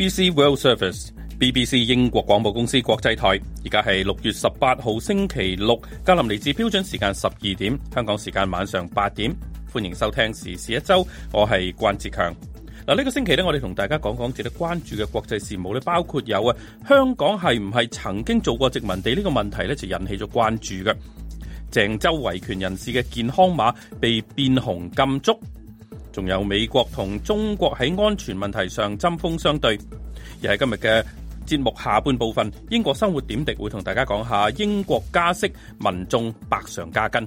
BBC World Service，BBC 英國廣播公司國際台，而家係六月十八號星期六，格林尼治標準時間十二點，香港時間晚上八點，歡迎收聽時事一周，我係關志強。嗱，呢個星期咧，我哋同大家講講值得關注嘅國際事務咧，包括有啊，香港係唔係曾經做過殖民地呢個問題咧，就引起咗關注嘅。鄭州維權人士嘅健康碼被變紅禁足。仲有美國同中國喺安全問題上針鋒相對，而喺今日嘅節目下半部分，英國生活點滴會同大家講下英國加息，民眾百上加斤。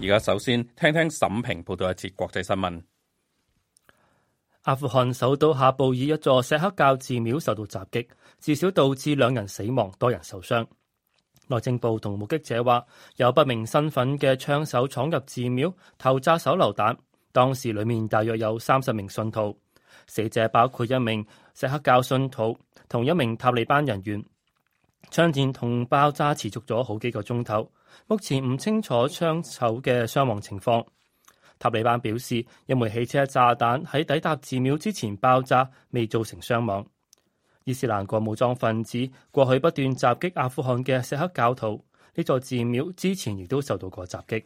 而家首先聽聽聽沈平報道一節國際新聞，阿富汗首都喀布爾一座錫克教寺廟受到襲擊。至少導致兩人死亡，多人受傷。內政部同目擊者話，有不明身份嘅槍手闖入寺廟投擲手榴彈。當時裡面大約有三十名信徒，死者包括一名錫克教信徒同一名塔利班人員。槍戰同爆炸持續咗好幾個鐘頭。目前唔清楚槍手嘅傷亡情況。塔利班表示，一枚汽車炸彈喺抵達寺廟之前爆炸，未造成傷亡。伊斯蘭國武裝分子過去不斷襲擊阿富汗嘅錫克教徒，呢座寺廟之前亦都受到過襲擊。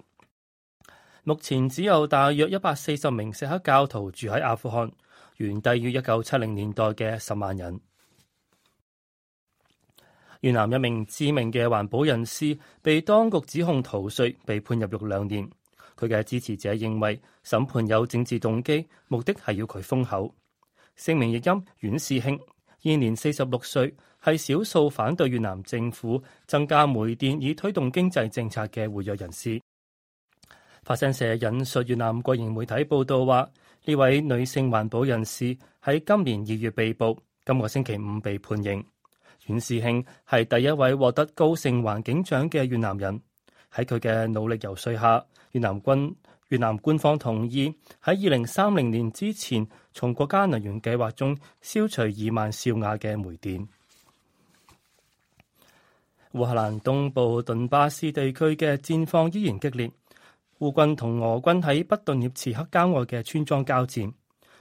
目前只有大約一百四十名錫克教徒住喺阿富汗，遠低於一九七零年代嘅十萬人。越南一名知名嘅環保人士被當局指控逃稅，被判入獄兩年。佢嘅支持者認為審判有政治動機，目的係要佢封口。姓名譯音阮氏興。現年四十六歲，係少數反對越南政府增加煤電以推動經濟政策嘅活躍人士。法新社引述越南國營媒體報道話，呢位女性環保人士喺今年二月被捕，今個星期五被判刑。阮氏慶係第一位獲得高盛環境獎嘅越南人。喺佢嘅努力游說下，越南軍越南官方同意喺二零三零年之前。從國家能源計劃中消除二萬兆瓦嘅煤電。烏克蘭東部頓巴斯地區嘅戰況依然激烈，烏軍同俄軍喺北頓涅茨克郊外嘅村莊交戰。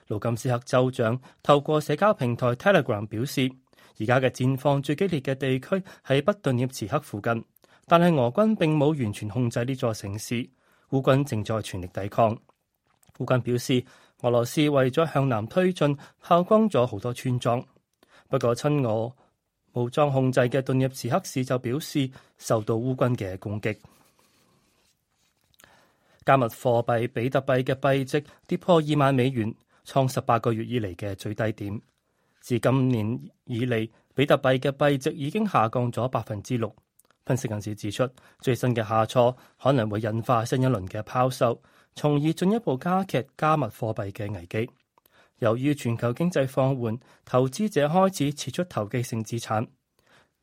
盧甘斯克州長透過社交平台 Telegram 表示，而家嘅戰況最激烈嘅地區喺北頓涅茨克附近，但係俄軍並冇完全控制呢座城市，烏軍正在全力抵抗。烏軍表示。俄羅斯為咗向南推進，炮轟咗好多村莊。不過，親俄武裝控制嘅頓涅茨克市就表示受到烏軍嘅攻擊。加密貨幣比特幣嘅幣值跌破二萬美元，創十八個月以嚟嘅最低點。自今年以嚟，比特幣嘅幣值已經下降咗百分之六。分析人士指出，最新嘅下挫可能會引發新一輪嘅拋售。從而進一步加劇加密貨幣嘅危機。由於全球經濟放緩，投資者開始撤出投機性資產，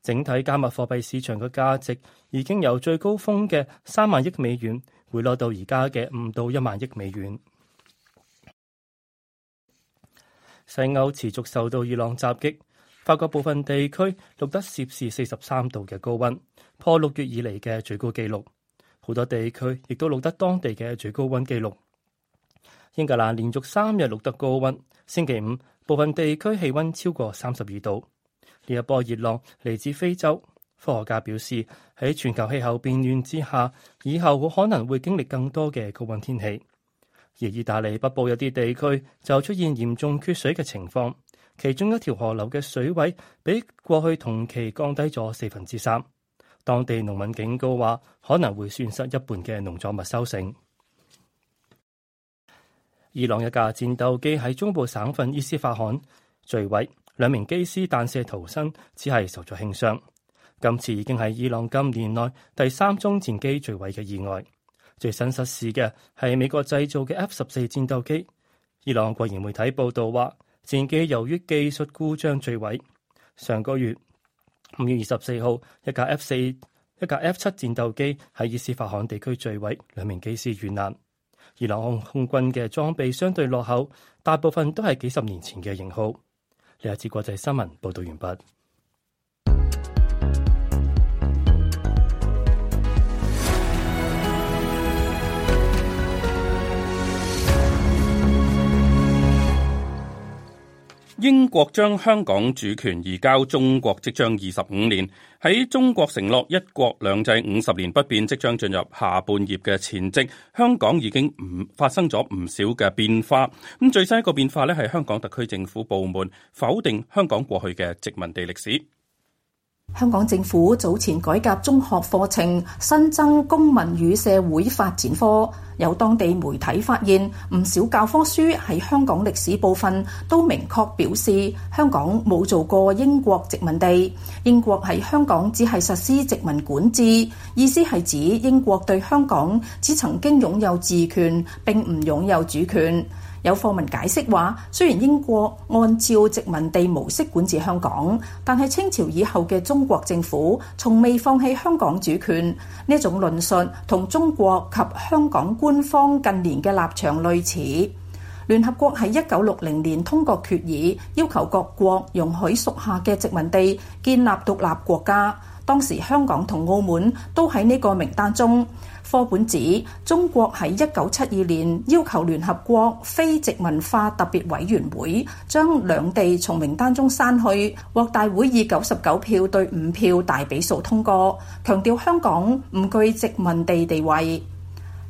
整體加密貨幣市場嘅價值已經由最高峰嘅三萬億美元回落到而家嘅五到一萬億美元。西歐持續受到熱浪襲擊，法國部分地區錄得攝氏四十三度嘅高溫，破六月以嚟嘅最高紀錄。好多地區亦都錄得當地嘅最高溫記錄。英格蘭連續三日錄得高温，星期五部分地區氣温超過三十二度。呢一波熱浪嚟自非洲，科學家表示喺全球氣候變暖之下，以後好可能會經歷更多嘅高温天氣。而意大利北部有啲地區就出現嚴重缺水嘅情況，其中一條河流嘅水位比過去同期降低咗四分之三。當地農民警告話，可能會損失一半嘅農作物收成。伊朗一架戰鬥機喺中部省份伊斯法罕墜毀，兩名機師彈射逃生，只係受咗輕傷。今次已經係伊朗今年內第三宗戰機墜毀嘅意外。最新失事嘅係美國製造嘅 F 十四戰鬥機。伊朗國營媒體報道話，戰機由於技術故障墜毀。上個月，五月二十四號，一架 F 四、一架 F 七戰鬥機喺伊斯法罕地區墜毀，兩名機師遇難。伊朗空軍嘅裝備相對落後，大部分都係幾十年前嘅型號。呢一次國際新聞報道完畢。英國將香港主權移交中國，即將二十五年；喺中國承諾一國兩制五十年不變，即將進入下半葉嘅前夕，香港已經唔發生咗唔少嘅變化。咁最新一個變化咧，係香港特區政府部門否定香港過去嘅殖民地歷史。香港政府早前改革中學課程，新增公民與社會發展科。有當地媒體發現，唔少教科書喺香港歷史部分都明確表示，香港冇做過英國殖民地，英國喺香港只係實施殖民管治，意思係指英國對香港只曾經擁有治權，並唔擁有主權。有課文解釋話，雖然英國按照殖民地模式管治香港，但係清朝以後嘅中國政府從未放棄香港主權。呢種論述同中國及香港官方近年嘅立場類似。聯合國喺一九六零年通過決議，要求各國容許屬下嘅殖民地建立獨立國家。當時香港同澳門都喺呢個名單中。科本指中國喺一九七二年要求聯合國非殖民化特別委員會將兩地從名單中刪去，獲大會以九十九票對五票大比數通過，強調香港唔具殖民地地位。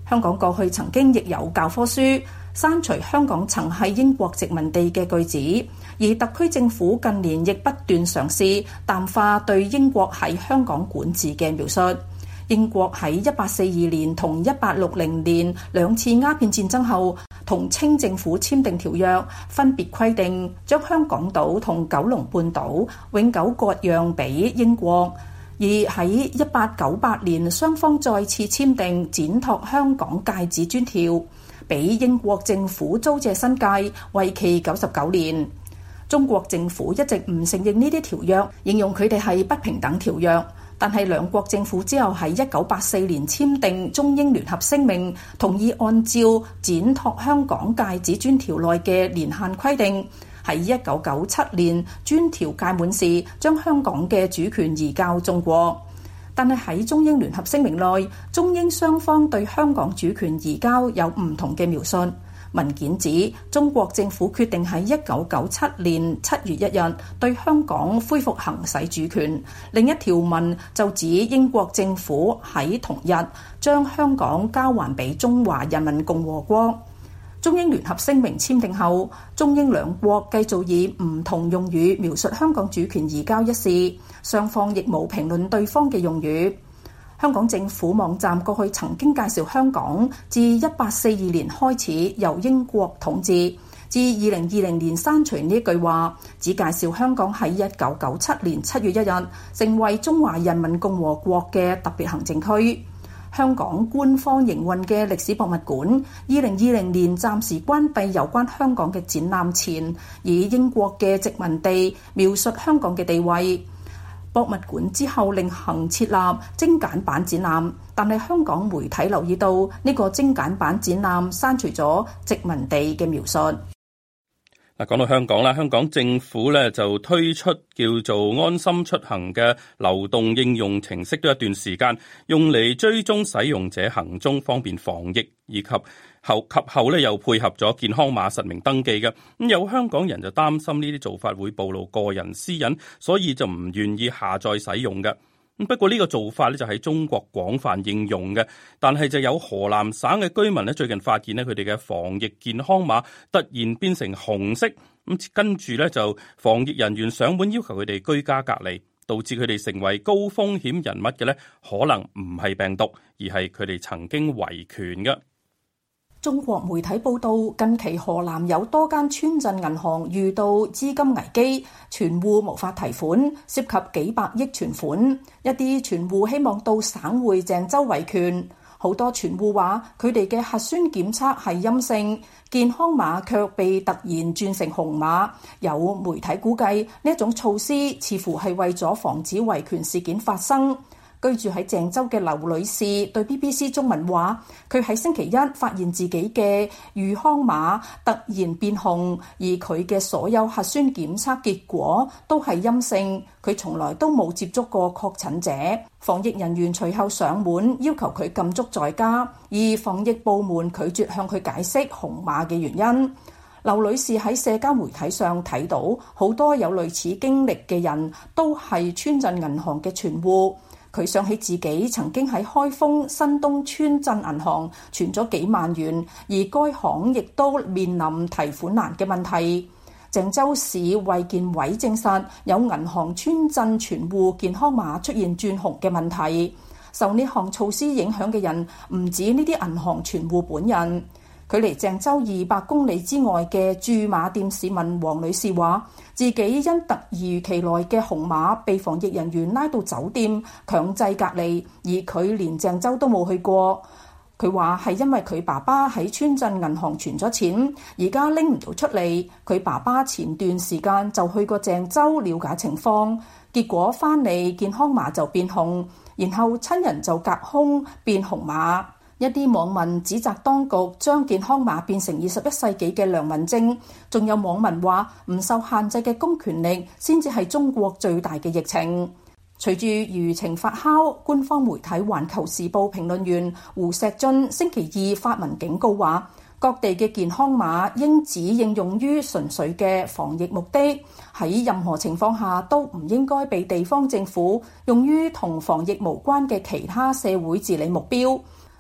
香港過去曾經亦有教科書刪除香港曾係英國殖民地嘅句子，而特區政府近年亦不斷嘗試淡化對英國喺香港管治嘅描述。英國喺一八四二年同一八六零年兩次鴉片戰爭後，同清政府簽訂條約，分別規定將香港島同九龍半島永久割讓俾英國；而喺一八九八年，雙方再次簽訂展拓香港界址專條，俾英國政府租借新界，為期九十九年。中國政府一直唔承認呢啲條約，形容佢哋係不平等條約。但係兩國政府之後喺一九八四年簽訂中英聯合聲明，同意按照《展拓香港界址專條》內嘅年限規定，喺一九九七年專條屆滿時，將香港嘅主權移交中國。但係喺中英聯合聲明內，中英雙方對香港主權移交有唔同嘅描述。文件指，中國政府決定喺一九九七年七月一日對香港恢復行使主權。另一條文就指英國政府喺同日將香港交還畀中華人民共和國。中英聯合聲明簽訂後，中英兩國繼續以唔同用語描述香港主權移交一事，雙方亦冇評論對方嘅用語。香港政府網站過去曾經介紹香港自一八四二年開始由英國統治，至二零二零年刪除呢句話，只介紹香港喺一九九七年七月一日成為中華人民共和國嘅特別行政區。香港官方營運嘅歷史博物館二零二零年暫時關閉有關香港嘅展覽前，以英國嘅殖民地描述香港嘅地位。博物館之後另行設立精簡版展覽，但係香港媒體留意到呢個精簡版展覽刪除咗殖民地嘅描述。嗱，講到香港啦，香港政府咧就推出叫做安心出行嘅流動應用程式，都一段時間用嚟追蹤使用者行蹤，方便防疫以及。及後咧又配合咗健康碼實名登記嘅，咁有香港人就擔心呢啲做法會暴露個人私隱，所以就唔願意下載使用嘅。不過呢個做法咧就喺中國廣泛應用嘅，但係就有河南省嘅居民咧最近發現咧佢哋嘅防疫健康碼突然變成紅色，咁跟住咧就防疫人員上門要求佢哋居家隔離，導致佢哋成為高風險人物嘅咧，可能唔係病毒，而係佢哋曾經維權嘅。中國媒體報道，近期河南有多間村鎮銀行遇到資金危機，存戶無法提款，涉及幾百億存款。一啲存戶希望到省會鄭州維權，好多存戶話佢哋嘅核酸檢測係陰性，健康碼卻被突然轉成紅碼。有媒體估計，呢一種措施似乎係為咗防止維權事件發生。居住喺鄭州嘅劉女士對 BBC 中文話，佢喺星期一發現自己嘅豫康碼突然變紅，而佢嘅所有核酸檢測結果都係陰性。佢從來都冇接觸過確診者。防疫人員隨後上門要求佢禁足在家，而防疫部門拒絕向佢解釋紅碼嘅原因。劉女士喺社交媒體上睇到好多有類似經歷嘅人都係村鎮銀行嘅存戶。佢想起自己曾經喺開封新東村鎮銀行存咗幾萬元，而該行亦都面臨提款難嘅問題。鄭州市衛健委證實，有銀行村鎮存戶健康碼出現轉紅嘅問題，受呢項措施影響嘅人唔止呢啲銀行存戶本人。距離鄭州二百公里之外嘅駐馬店市民王女士話，自己因突如其來嘅紅碼被防疫人員拉到酒店強制隔離，而佢連鄭州都冇去過，佢話係因為佢爸爸喺村鎮銀行存咗錢，而家拎唔到出嚟。佢爸爸前段時間就去過鄭州了解情況，結果翻嚟健康碼就變紅，然後親人就隔空變紅碼。一啲網民指責當局將健康碼變成二十一世紀嘅良民證，仲有網民話唔受限制嘅公權力先至係中國最大嘅疫情。隨住輿情發酵，官方媒體環球時報評論員胡錫進星期二發文警告話，各地嘅健康碼應只應用於純粹嘅防疫目的，喺任何情況下都唔應該被地方政府用於同防疫無關嘅其他社會治理目標。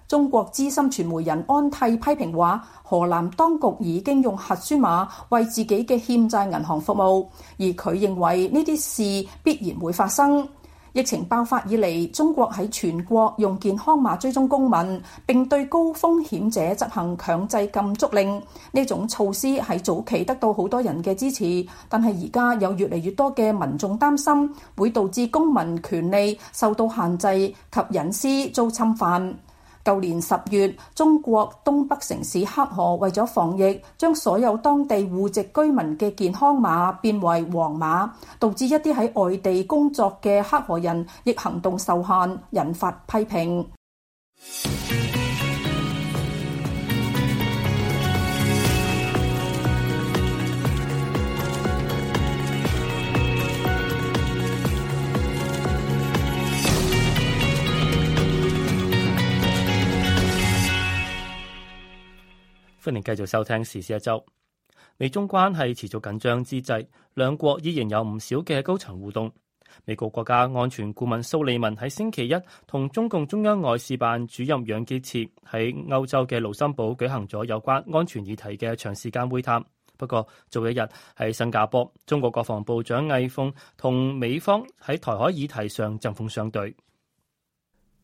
中國資深傳媒人安替批評話，河南當局已經用核酸碼為自己嘅欠債銀行服務，而佢認為呢啲事必然會發生。疫情爆發以嚟，中國喺全國用健康碼追蹤公民，並對高風險者執行強制禁足令。呢種措施喺早期得到好多人嘅支持，但係而家有越嚟越多嘅民眾擔心會導致公民權利受到限制及隱私遭侵犯。舊年十月，中國東北城市黑河為咗防疫，將所有當地戶籍居民嘅健康碼變為黃碼，導致一啲喺外地工作嘅黑河人亦行動受限，引發批評。歡迎繼續收聽時事一周。美中關係持續緊張之際，兩國依然有唔少嘅高層互動。美國國家安全顧問蘇利文喺星期一同中共中央外事辦主任楊潔篪喺歐洲嘅盧森堡舉行咗有關安全議題嘅長時間會談。不過早一日喺新加坡，中國國防部長魏鳳和同美方喺台海議題上針鋒相對。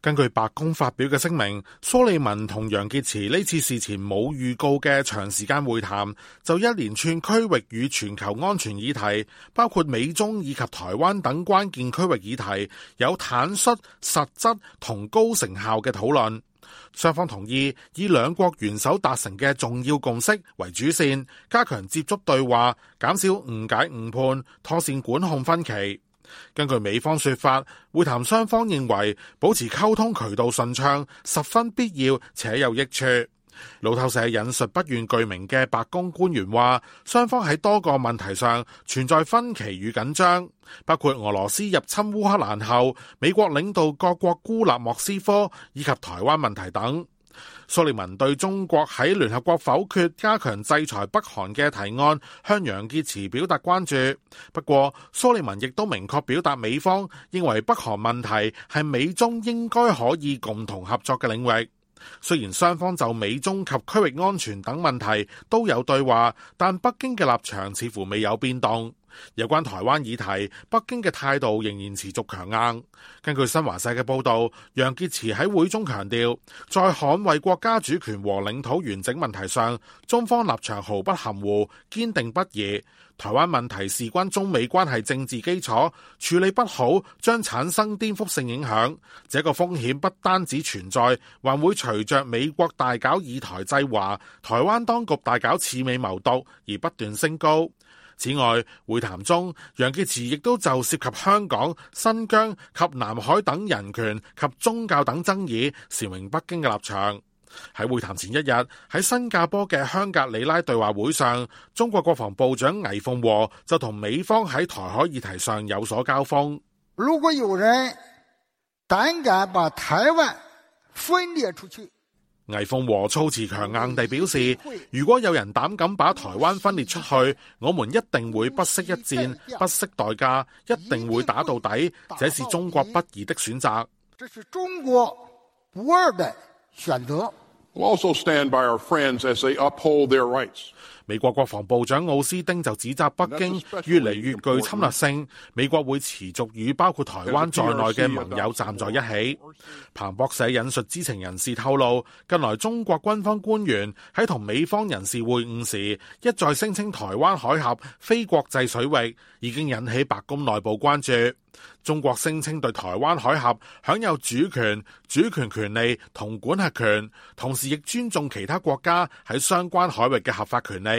根據白宮發表嘅聲明，蘇利文同楊潔篪呢次事前冇預告嘅長時間會談，就一連串區域與全球安全議題，包括美中以及台灣等關鍵區域議題，有坦率、實質同高成效嘅討論。雙方同意以兩國元首達成嘅重要共識為主線，加強接觸對話，減少誤解誤判，妥善管控分歧。根據美方說法，會談雙方認為保持溝通渠道順暢十分必要且有益處。路透社引述不願具名嘅白宮官員話，雙方喺多個問題上存在分歧與緊張，包括俄羅斯入侵烏克蘭後，美國領導各國孤立莫斯科，以及台灣問題等。蘇利文對中國喺聯合國否決加強制裁北韓嘅提案，向楊潔篪表達關注。不過，蘇利文亦都明確表達美方認為北韓問題係美中應該可以共同合作嘅領域。雖然雙方就美中及區域安全等問題都有對話，但北京嘅立場似乎未有變動。有關台灣議題，北京嘅態度仍然持續強硬。根據新華社嘅報道，楊潔篪喺會中強調，在捍衛國家主權和領土完整問題上，中方立場毫不含糊、堅定不移。台灣問題事關中美關係政治基礎，處理不好將產生顛覆性影響。這個風險不單止存在，還會隨着美國大搞以台制華，台灣當局大搞刺美謀獨而不斷升高。此外，會談中楊潔篪亦都就涉及香港、新疆及南海等人權及宗教等爭議，闡明北京嘅立場。喺會談前一日，喺新加坡嘅香格里拉對話會上，中國國防部長魏鳳和就同美方喺台海議題上有所交鋒。如果有人膽敢把台灣分裂出去，魏鳳和措辭強硬地表示，如果有人膽敢把台灣分裂出去，我們一定會不惜一戰、不惜代價，一定會打到底。這是中國不二的選擇。美國國防部長奧斯汀就指責北京越嚟越具侵略性，美國會持續與包括台灣在內嘅盟友站在一起。彭博社引述知情人士透露，近來中國軍方官員喺同美方人士會晤時，一再聲稱台灣海峽非國際水域，已經引起白宮內部關注。中國聲稱對台灣海峽享有主權、主權權利同管轄權，同時亦尊重其他國家喺相關海域嘅合法權利。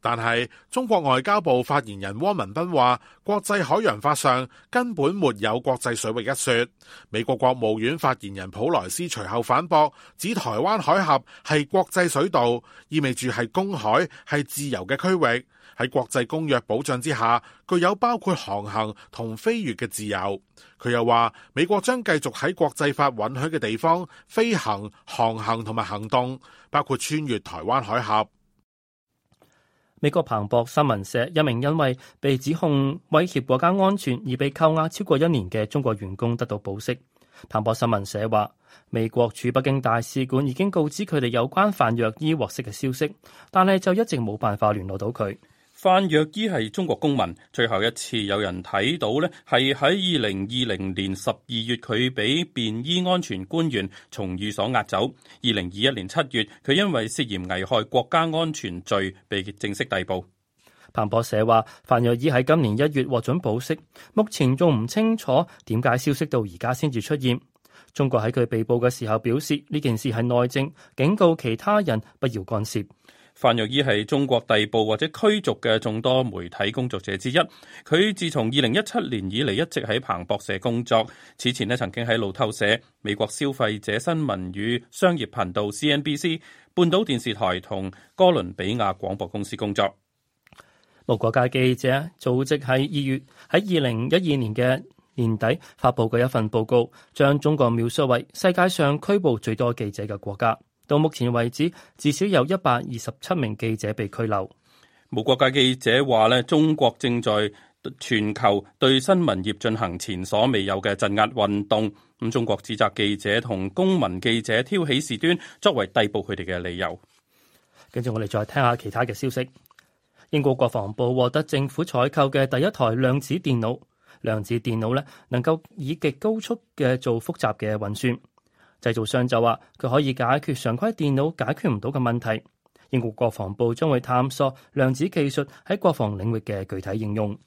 但係，中國外交部發言人汪文斌話，國際海洋法上根本沒有國際水域一說。美國國務院發言人普萊斯隨後反駁，指台灣海峽係國際水道，意味住係公海，係自由嘅區域，喺國際公約保障之下，具有包括航行同飛越嘅自由。佢又話，美國將繼續喺國際法允許嘅地方飛行、航行同埋行動，包括穿越台灣海峽。美國彭博新聞社一名因為被指控威脅國家安全而被扣押超過一年嘅中國員工得到保釋。彭博新聞社話，美國駐北京大使館已經告知佢哋有關范若伊獲釋嘅消息，但係就一直冇辦法聯絡到佢。范若伊係中國公民，最後一次有人睇到呢係喺二零二零年十二月，佢俾便衣安全官員從寓所押走。二零二一年七月，佢因為涉嫌危害國家安全罪被正式逮捕。彭博社話，范若伊喺今年一月獲准保釋，目前仲唔清楚點解消息到而家先至出現。中國喺佢被捕嘅時候表示呢件事係內政，警告其他人不要干涉。范若依係中國逮捕或者驅逐嘅眾多媒體工作者之一。佢自從二零一七年以嚟一直喺彭博社工作。此前咧，曾經喺路透社、美國消費者新聞與商業頻道 CNBC、半島電視台同哥倫比亞廣播公司工作。無國界記者組織喺二月喺二零一二年嘅年底發布過一份報告，將中國描述為世界上拘捕最多記者嘅國家。到目前為止，至少有一百二十七名記者被拘留。無國界記者話咧，中國正在全球對新聞業進行前所未有嘅鎮壓運動。咁中國指責記者同公民記者挑起事端，作為逮捕佢哋嘅理由。跟住我哋再聽下其他嘅消息。英國國防部獲得政府採購嘅第一台量子電腦。量子電腦咧，能夠以極高速嘅做複雜嘅運算。製造商就話佢可以解決常規電腦解決唔到嘅問題。英國國防部將會探索量子技術喺國防領域嘅具體應用。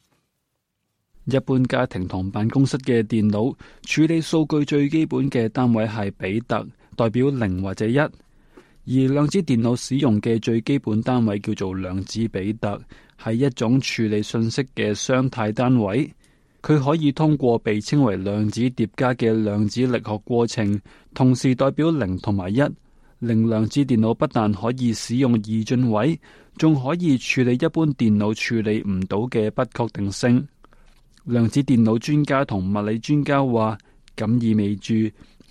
一般家庭同辦公室嘅電腦處理數據最基本嘅單位係比特，代表零或者一。而量子電腦使用嘅最基本單位叫做量子比特，係一種處理信息嘅雙態單位。佢可以通過被稱為量子疊加嘅量子力學過程，同時代表零同埋一，令量子電腦不但可以使用二進位，仲可以處理一般電腦處理唔到嘅不確定性。量子電腦專家同物理專家話，咁意味住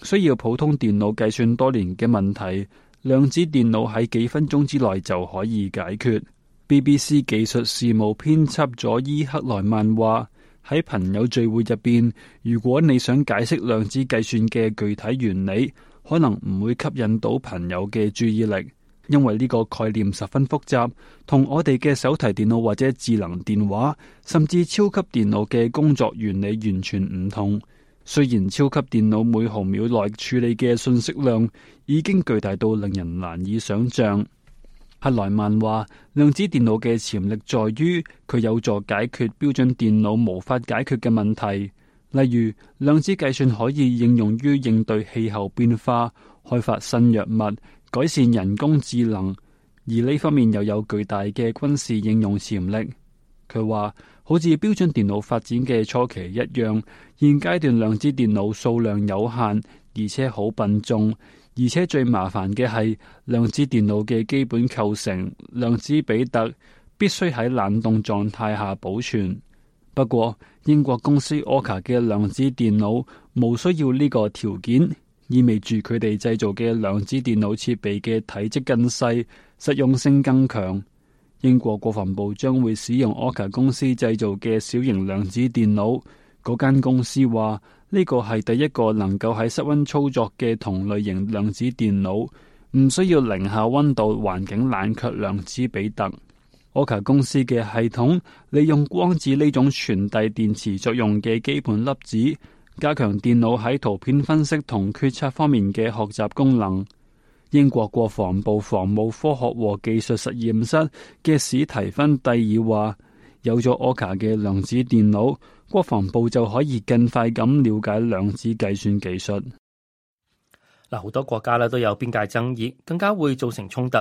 需要普通電腦計算多年嘅問題，量子電腦喺幾分鐘之內就可以解決。BBC 技術事務編輯佐伊·克萊曼話。喺朋友聚會入邊，如果你想解釋量子計算嘅具體原理，可能唔會吸引到朋友嘅注意力，因為呢個概念十分複雜，同我哋嘅手提電腦或者智能電話，甚至超級電腦嘅工作原理完全唔同。雖然超級電腦每毫秒內處理嘅信息量已經巨大到令人難以想象。克萊曼話：量子電腦嘅潛力在於佢有助解決標準電腦無法解決嘅問題，例如量子計算可以應用於應對氣候變化、開發新藥物、改善人工智能，而呢方面又有巨大嘅軍事應用潛力。佢話，好似標準電腦發展嘅初期一樣，現階段量子電腦數量有限，而且好笨重。而且最麻煩嘅係量子電腦嘅基本構成，量子比特必須喺冷凍狀態下保存。不過英國公司 ORCA 嘅量子電腦冇需要呢個條件，意味住佢哋製造嘅量子電腦設備嘅體積更細，實用性更強。英國國防部將會使用 ORCA 公司製造嘅小型量子電腦。嗰間公司話。呢個係第一個能夠喺室溫操作嘅同類型量子電腦，唔需要零下溫度環境冷卻量子比特。ORCA 公司嘅系統利用光子呢種傳遞電磁作用嘅基本粒子，加強電腦喺圖片分析同決策方面嘅學習功能。英國國防部防務科學和技術實驗室嘅史提芬蒂爾話：有咗 ORCA 嘅量子電腦。國防部就可以更快咁了解量子計算技術嗱。好多國家咧都有邊界爭議，更加會造成衝突。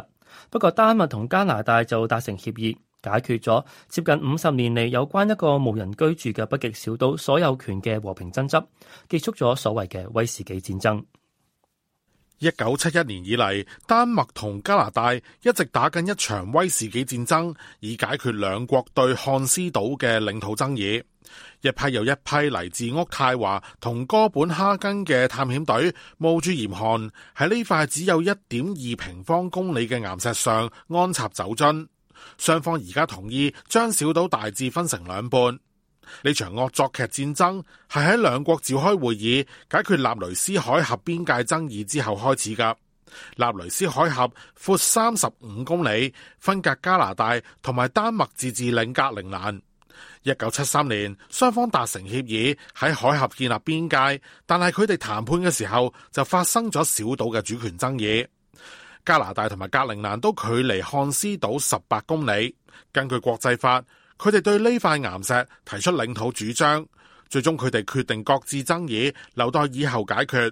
不過，丹麥同加拿大就達成協議，解決咗接近五十年嚟有關一個無人居住嘅北極小島所有權嘅和平爭執，結束咗所謂嘅威士忌戰爭。一九七一年以嚟，丹麥同加拿大一直打緊一場威士忌戰爭，以解決兩國對漢斯島嘅領土爭議。一批又一批嚟自渥太華同哥本哈根嘅探險隊，冒住嚴寒喺呢塊只有一點二平方公里嘅岩石上安插走針。雙方而家同意將小島大致分成兩半。呢場惡作劇戰爭係喺兩國召開會議解決納雷斯海峽邊界爭議之後開始噶。納雷斯海峽闊三十五公里，分隔加拿大同埋丹麥自治領格陵蘭。一九七三年，雙方達成協議喺海峽建立邊界，但係佢哋談判嘅時候就發生咗小島嘅主權爭議。加拿大同埋格陵蘭都距離漢斯島十八公里。根據國際法，佢哋對呢塊岩石提出領土主張。最終佢哋決定各自爭議留待以後解決。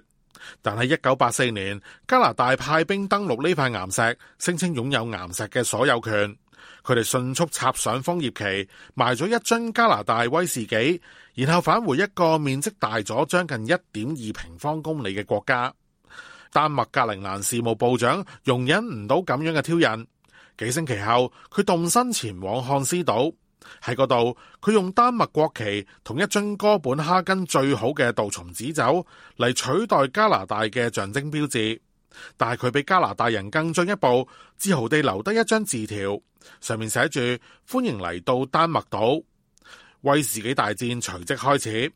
但係一九八四年，加拿大派兵登陸呢塊岩石，聲稱擁有岩石嘅所有權。佢哋迅速插上楓葉旗，埋咗一樽加拿大威士忌，然後返回一個面積大咗將近一點二平方公里嘅國家。丹麥格陵蘭事務部長容忍唔到咁樣嘅挑釁，幾星期後佢動身前往漢斯島。喺嗰度，佢用丹麥國旗同一樽哥本哈根最好嘅杜松子酒嚟取代加拿大嘅象徵標誌。但係佢比加拿大人更進一步，自豪地留低一張字條。上面寫住歡迎嚟到丹麥島，威士忌大戰隨即開始。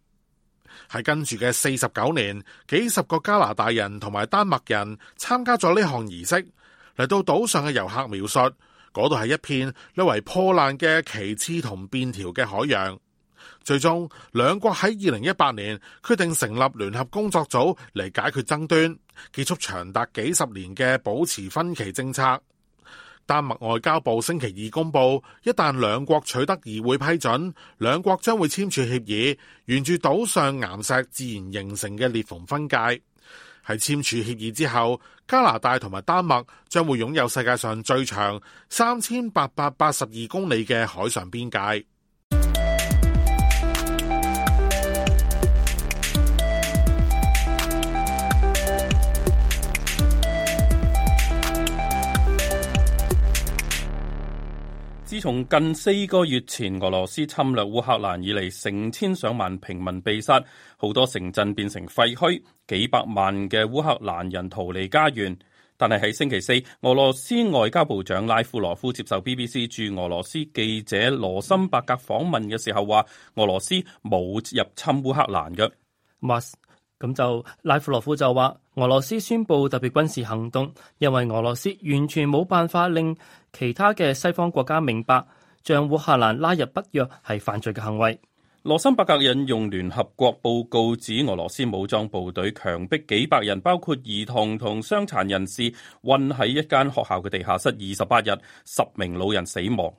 喺跟住嘅四十九年，幾十個加拿大人同埋丹麥人參加咗呢項儀式。嚟到島上嘅遊客描述，嗰度係一片略為破爛嘅旗幟同便條嘅海洋。最終，兩國喺二零一八年決定成立聯合工作組嚟解決爭端，結束長達幾十年嘅保持分歧政策。丹麥外交部星期二公布，一旦兩國取得議會批准，兩國將會簽署協議，沿住島上岩石自然形成嘅裂縫分界。喺簽署協議之後，加拿大同埋丹麥將會擁有世界上最長三千八百八十二公里嘅海上邊界。自從近四個月前俄羅斯侵略烏克蘭以嚟，成千上萬平民被殺，好多城鎮變成廢墟，幾百萬嘅烏克蘭人逃離家園。但係喺星期四，俄羅斯外交部長拉夫羅夫接受 BBC 駐俄羅斯記者羅森伯格訪問嘅時候話，俄羅斯冇入侵烏克蘭嘅。咁就拉夫羅夫就話。俄羅斯宣布特別軍事行動，因為俄羅斯完全冇辦法令其他嘅西方國家明白，將烏克蘭拉入北約係犯罪嘅行為。羅森伯格引用聯合國報告指，俄羅斯武裝部隊強迫幾百人，包括兒童同傷殘人士，困喺一間學校嘅地下室二十八日，十名老人死亡。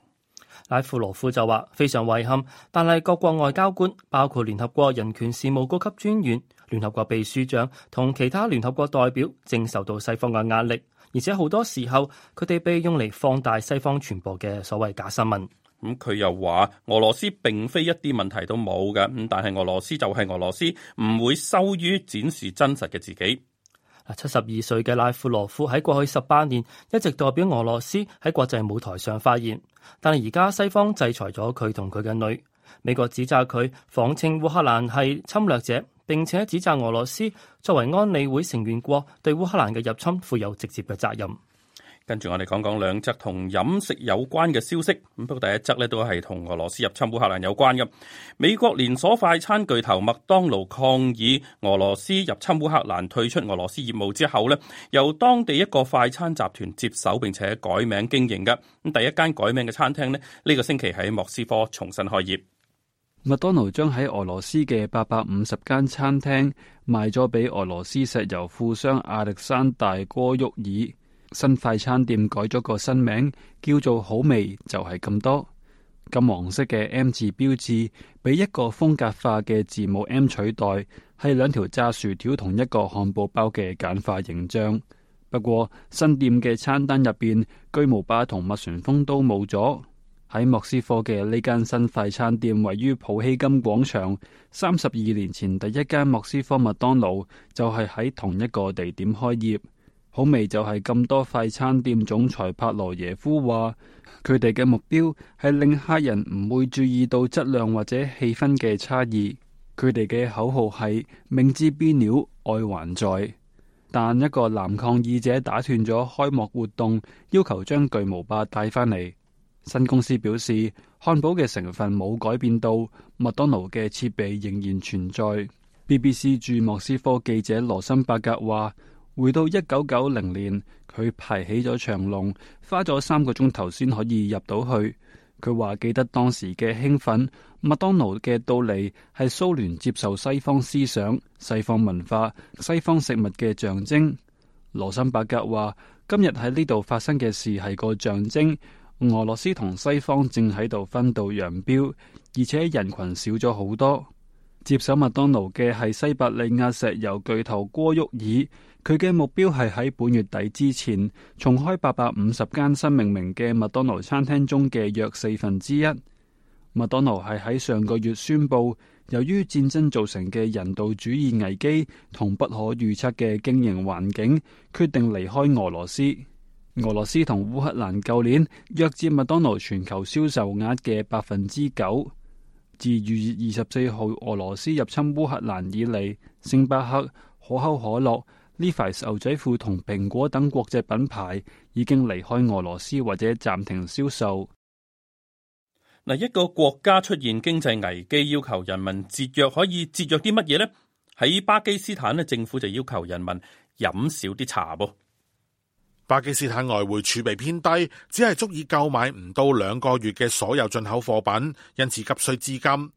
拉夫羅夫就話：非常遺憾，但係各國外交官，包括聯合國人權事務高級專員。聯合國秘書長同其他聯合國代表正受到西方嘅壓力，而且好多時候佢哋被用嚟放大西方傳播嘅所謂假新聞。咁佢又話：俄羅斯並非一啲問題都冇㗎，咁但係俄羅斯就係俄羅斯，唔會羞於展示真實嘅自己。七十二歲嘅拉夫羅夫喺過去十八年一直代表俄羅斯喺國際舞台上發言，但係而家西方制裁咗佢同佢嘅女。美國指責佢謊稱烏克蘭係侵略者，並且指責俄羅斯作為安理會成員國對烏克蘭嘅入侵負有直接嘅責任。跟住我哋講講兩則同飲食有關嘅消息。咁不過第一則咧，都係同俄羅斯入侵烏克蘭有關。咁美國連鎖快餐巨頭麥當勞抗議俄羅斯入侵烏克蘭退出俄羅斯業務之後咧，由當地一個快餐集團接手並且改名經營嘅。咁第一間改名嘅餐廳呢，呢、呢個星期喺莫斯科重新開業。麥當勞將喺俄羅斯嘅八百五十間餐廳賣咗俾俄羅斯石油富商亞歷山大哥沃爾，新快餐店改咗個新名，叫做好味就係、是、咁多。金黃色嘅 M 字標誌俾一個風格化嘅字母 M 取代，係兩條炸薯條同一個漢堡包嘅簡化形象。不過新店嘅餐單入邊，巨無霸同麥旋風都冇咗。喺莫斯科嘅呢間新快餐店位於普希金廣場。三十二年前，第一間莫斯科麥當勞就係喺同一個地點開業。好味就係咁多快餐店總裁帕羅耶夫話，佢哋嘅目標係令客人唔會注意到質量或者氣氛嘅差異。佢哋嘅口號係名字變咗，愛還在，但一個男抗議者打斷咗開幕活動，要求將巨無霸帶翻嚟。新公司表示，漢堡嘅成分冇改變到，麥當勞嘅設備仍然存在。BBC 駐莫斯科記者羅森伯格話，回到一九九零年，佢排起咗長龍花咗三個鐘頭先可以入到去。佢話記得當時嘅興奮，麥當勞嘅到嚟係蘇聯接受西方思想、西方文化、西方食物嘅象徵，羅森伯格話今日喺呢度發生嘅事係個象徵。俄羅斯同西方正喺度分道揚鑣，而且人群少咗好多。接手麥當勞嘅係西伯利亞石油巨頭郭沃爾，佢嘅目標係喺本月底之前重開八百五十間新命名嘅麥當勞餐廳中嘅約四分之一。麥當勞係喺上個月宣布，由於戰爭造成嘅人道主義危機同不可預測嘅經營環境，決定離開俄羅斯。俄羅斯同烏克蘭舊年約佔麥當勞全球銷售額嘅百分之九。自二月二十四號俄羅斯入侵烏克蘭以嚟，星巴克、可口可樂、Levi's 牛仔褲同蘋果等國際品牌已經離開俄羅斯或者暫停銷售。嗱，一個國家出現經濟危機，要求人民節約，可以節約啲乜嘢呢？喺巴基斯坦咧，政府就要求人民飲少啲茶噃。巴基斯坦外匯儲備偏低，只係足以購買唔到兩個月嘅所有進口貨品，因此急需資金。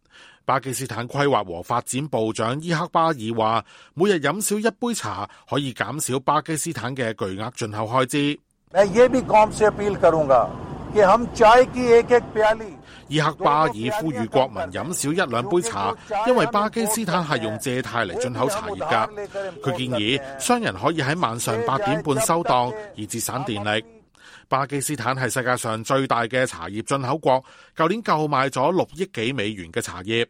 巴基斯坦規劃和發展部長伊克巴爾話，每日飲少一杯茶可以減少巴基斯坦嘅巨額進口開支。 以克巴爾呼籲國民飲少一兩杯茶，因為巴基斯坦係用借貸嚟進口茶葉噶。佢建議商人可以喺晚上八點半收檔，以節省電力。巴基斯坦係世界上最大嘅茶葉進口國，舊年購買咗六億幾美元嘅茶葉。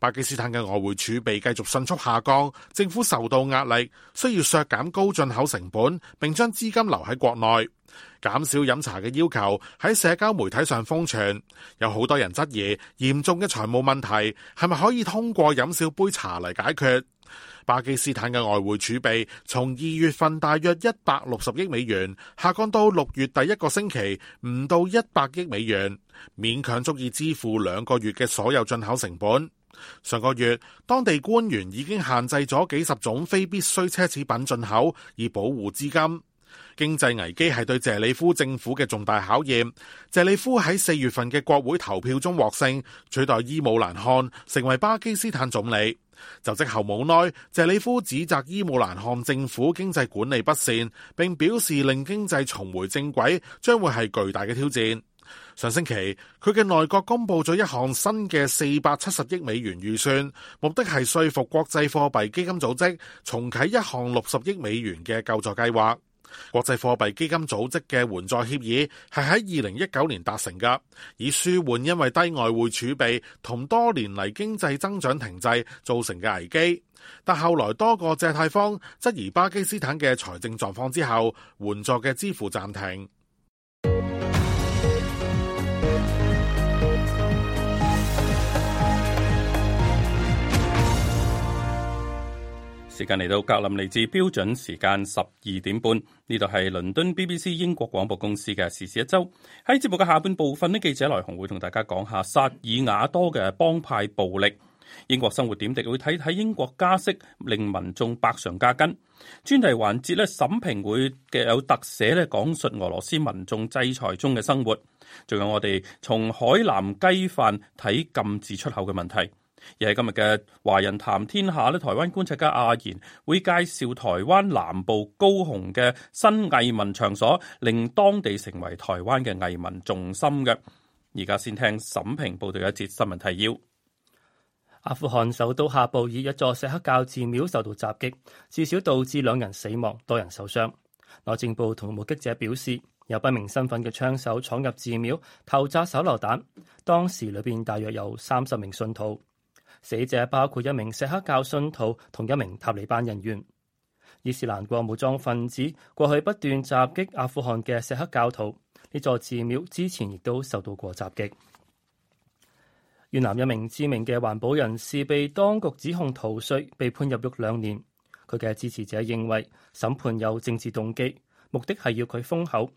巴基斯坦嘅外匯儲備繼續迅速下降，政府受到壓力，需要削減高進口成本，並將資金留喺國內，減少飲茶嘅要求喺社交媒體上瘋傳。有好多人質疑嚴重嘅財務問題係咪可以通過飲少杯茶嚟解決？巴基斯坦嘅外匯儲備從二月份大約一百六十億美元下降到六月第一個星期唔到一百億美元，勉強足以支付兩個月嘅所有進口成本。上個月，當地官員已經限制咗幾十種非必需奢侈品進口，以保護資金。經濟危機係對謝里夫政府嘅重大考驗。謝里夫喺四月份嘅國會投票中獲勝，取代伊姆蘭汗成為巴基斯坦總理。就職後冇耐，謝里夫指責伊姆蘭汗政府經濟管理不善，並表示令經濟重回正軌將會係巨大嘅挑戰。上星期，佢嘅內閣公布咗一項新嘅四百七十億美元預算，目的係説服國際貨幣基金組織重啟一項六十億美元嘅救助計劃。國際貨幣基金組織嘅援助協議係喺二零一九年達成㗎，以舒緩因為低外匯儲備同多年嚟經濟增長停滯造成嘅危機。但後來多個借貸方質疑巴基斯坦嘅財政狀況之後，援助嘅支付暫停。時間嚟到格林尼治標準時間十二點半，呢度係倫敦 BBC 英國廣播公司嘅時事一周。喺節目嘅下半部分，呢記者來鴻會同大家講下薩爾瓦多嘅幫派暴力。英國生活點滴會睇睇英國加息令民眾百上加斤。專題環節咧，審評會嘅有特寫咧，講述俄羅斯民眾制裁中嘅生活。仲有我哋從海南雞飯睇禁止出口嘅問題。而喺今日嘅華人談天下咧，台灣觀察家阿賢會介紹台灣南部高雄嘅新藝文場所，令當地成為台灣嘅藝文重心嘅。而家先聽沈平報道一節新聞提要：阿富汗首都喀布爾一座錫克教寺廟受到襲擊，至少導致兩人死亡，多人受傷。內政部同目擊者表示，有不明身份嘅槍手闖入寺廟投擲手榴彈，當時裏邊大約有三十名信徒。死者包括一名錫克教信徒同一名塔利班人員。伊斯蘭國武裝分子過去不斷襲擊阿富汗嘅錫克教徒，呢座寺廟之前亦都受到過襲擊。越南一名知名嘅環保人士被當局指控逃稅，被判入獄兩年。佢嘅支持者認為審判有政治動機，目的係要佢封口。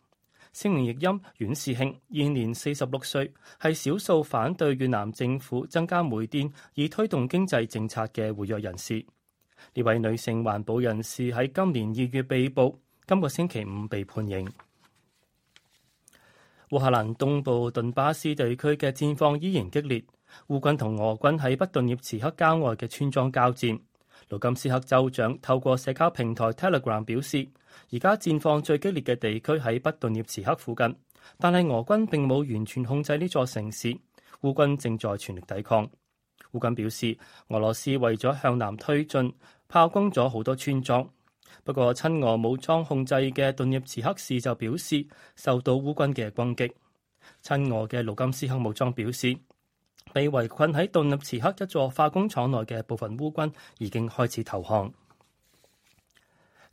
姓名譯音阮氏慶，現年四十六歲，係少數反對越南政府增加煤電以推動經濟政策嘅活躍人士。呢位女性環保人士喺今年二月被捕，今個星期五被判刑。烏克蘭東部頓巴斯地區嘅戰況依然激烈，烏軍同俄軍喺不頓涅茨克郊外嘅村莊交戰。盧甘斯克州長透過社交平台 Telegram 表示。而家戰況最激烈嘅地區喺北頓涅茨克附近，但係俄軍並冇完全控制呢座城市，烏軍正在全力抵抗。烏軍表示，俄羅斯為咗向南推進，炮轟咗好多村莊。不過，親俄武裝控制嘅頓涅茨克市就表示受到烏軍嘅攻擊。親俄嘅盧甘斯克武裝表示，被圍困喺頓涅茨克一座化工廠內嘅部分烏軍已經開始投降。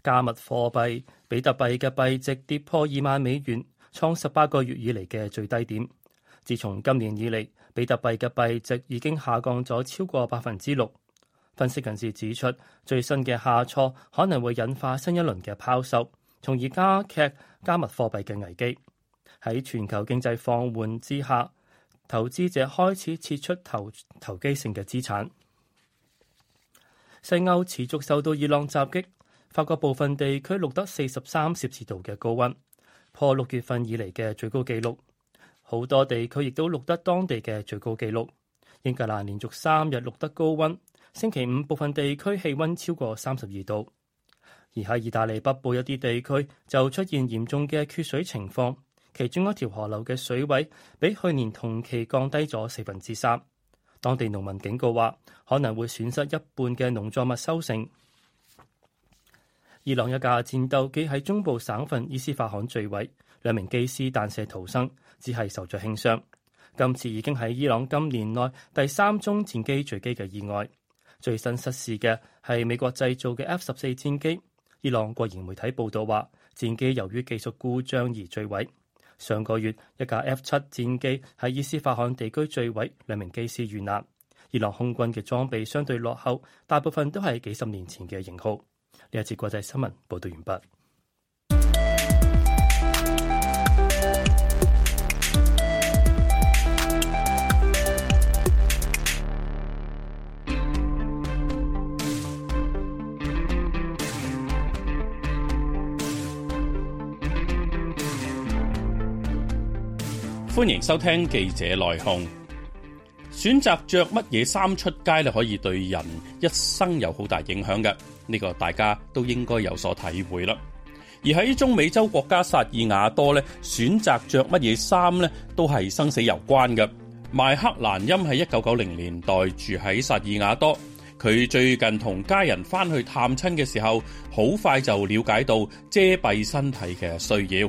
加密貨幣比特幣嘅幣值跌破二萬美元，創十八個月以嚟嘅最低點。自從今年以嚟，比特幣嘅幣值已經下降咗超過百分之六。分析人士指出，最新嘅下挫可能會引發新一輪嘅拋售，從而加劇加密貨幣嘅危機。喺全球經濟放緩之下，投資者開始撤出投投機性嘅資產。西歐持續受到伊朗襲擊。法國部分地區錄得四十三攝氏度嘅高温，破六月份以嚟嘅最高紀錄。好多地區亦都錄得當地嘅最高紀錄。英格蘭連續三日錄得高温，星期五部分地區氣温超過三十二度。而喺意大利北部一啲地區就出現嚴重嘅缺水情況，其中一條河流嘅水位比去年同期降低咗四分之三。當地農民警告話，可能會損失一半嘅農作物收成。伊朗一架戰鬥機喺中部省份伊斯法罕墜毀，兩名機師彈射逃生，只係受咗輕傷。今次已經係伊朗今年內第三宗戰機墜機嘅意外。最新失事嘅係美國製造嘅 F 十四戰機。伊朗國營媒體報道話，戰機由於技術故障而墜毀。上個月一架 F 七戰機喺伊斯法罕地區墜毀，兩名機師遇難。伊朗空軍嘅裝備相對落後，大部分都係幾十年前嘅型號。呢一次國際新聞報道完畢。歡迎收聽記者來鴻。選擇着乜嘢衫出街咧，可以對人一生有好大影響嘅。呢個大家都應該有所體會啦。而喺中美洲國家薩爾瓦多咧，選擇着乜嘢衫咧，都係生死攸關嘅。邁克蘭欽喺一九九零年代住喺薩爾瓦多，佢最近同家人翻去探親嘅時候，好快就了解到遮蔽身體嘅需要。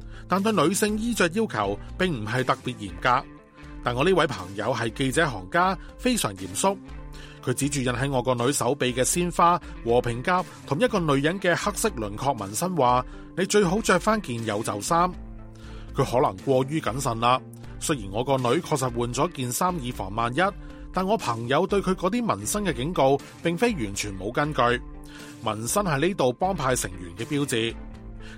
但對女性衣着要求並唔係特別嚴格，但我呢位朋友係記者行家，非常嚴肅。佢指住印喺我個女手臂嘅鮮花和平鴿同一個女人嘅黑色輪廓紋身，話：你最好着翻件有袖衫。佢可能過於謹慎啦。雖然我個女確實換咗件衫以防萬一，但我朋友對佢嗰啲紋身嘅警告，並非完全冇根據。紋身係呢度幫派成員嘅標誌。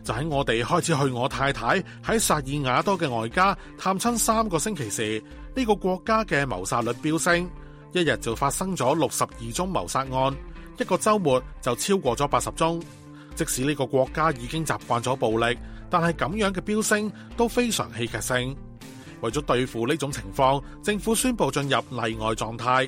就喺我哋開始去我太太喺薩爾瓦多嘅外家探親三個星期時，呢、這個國家嘅謀殺率飆升，一日就發生咗六十二宗謀殺案，一個周末就超過咗八十宗。即使呢個國家已經習慣咗暴力，但係咁樣嘅飆升都非常戲劇性。為咗對付呢種情況，政府宣布進入例外狀態。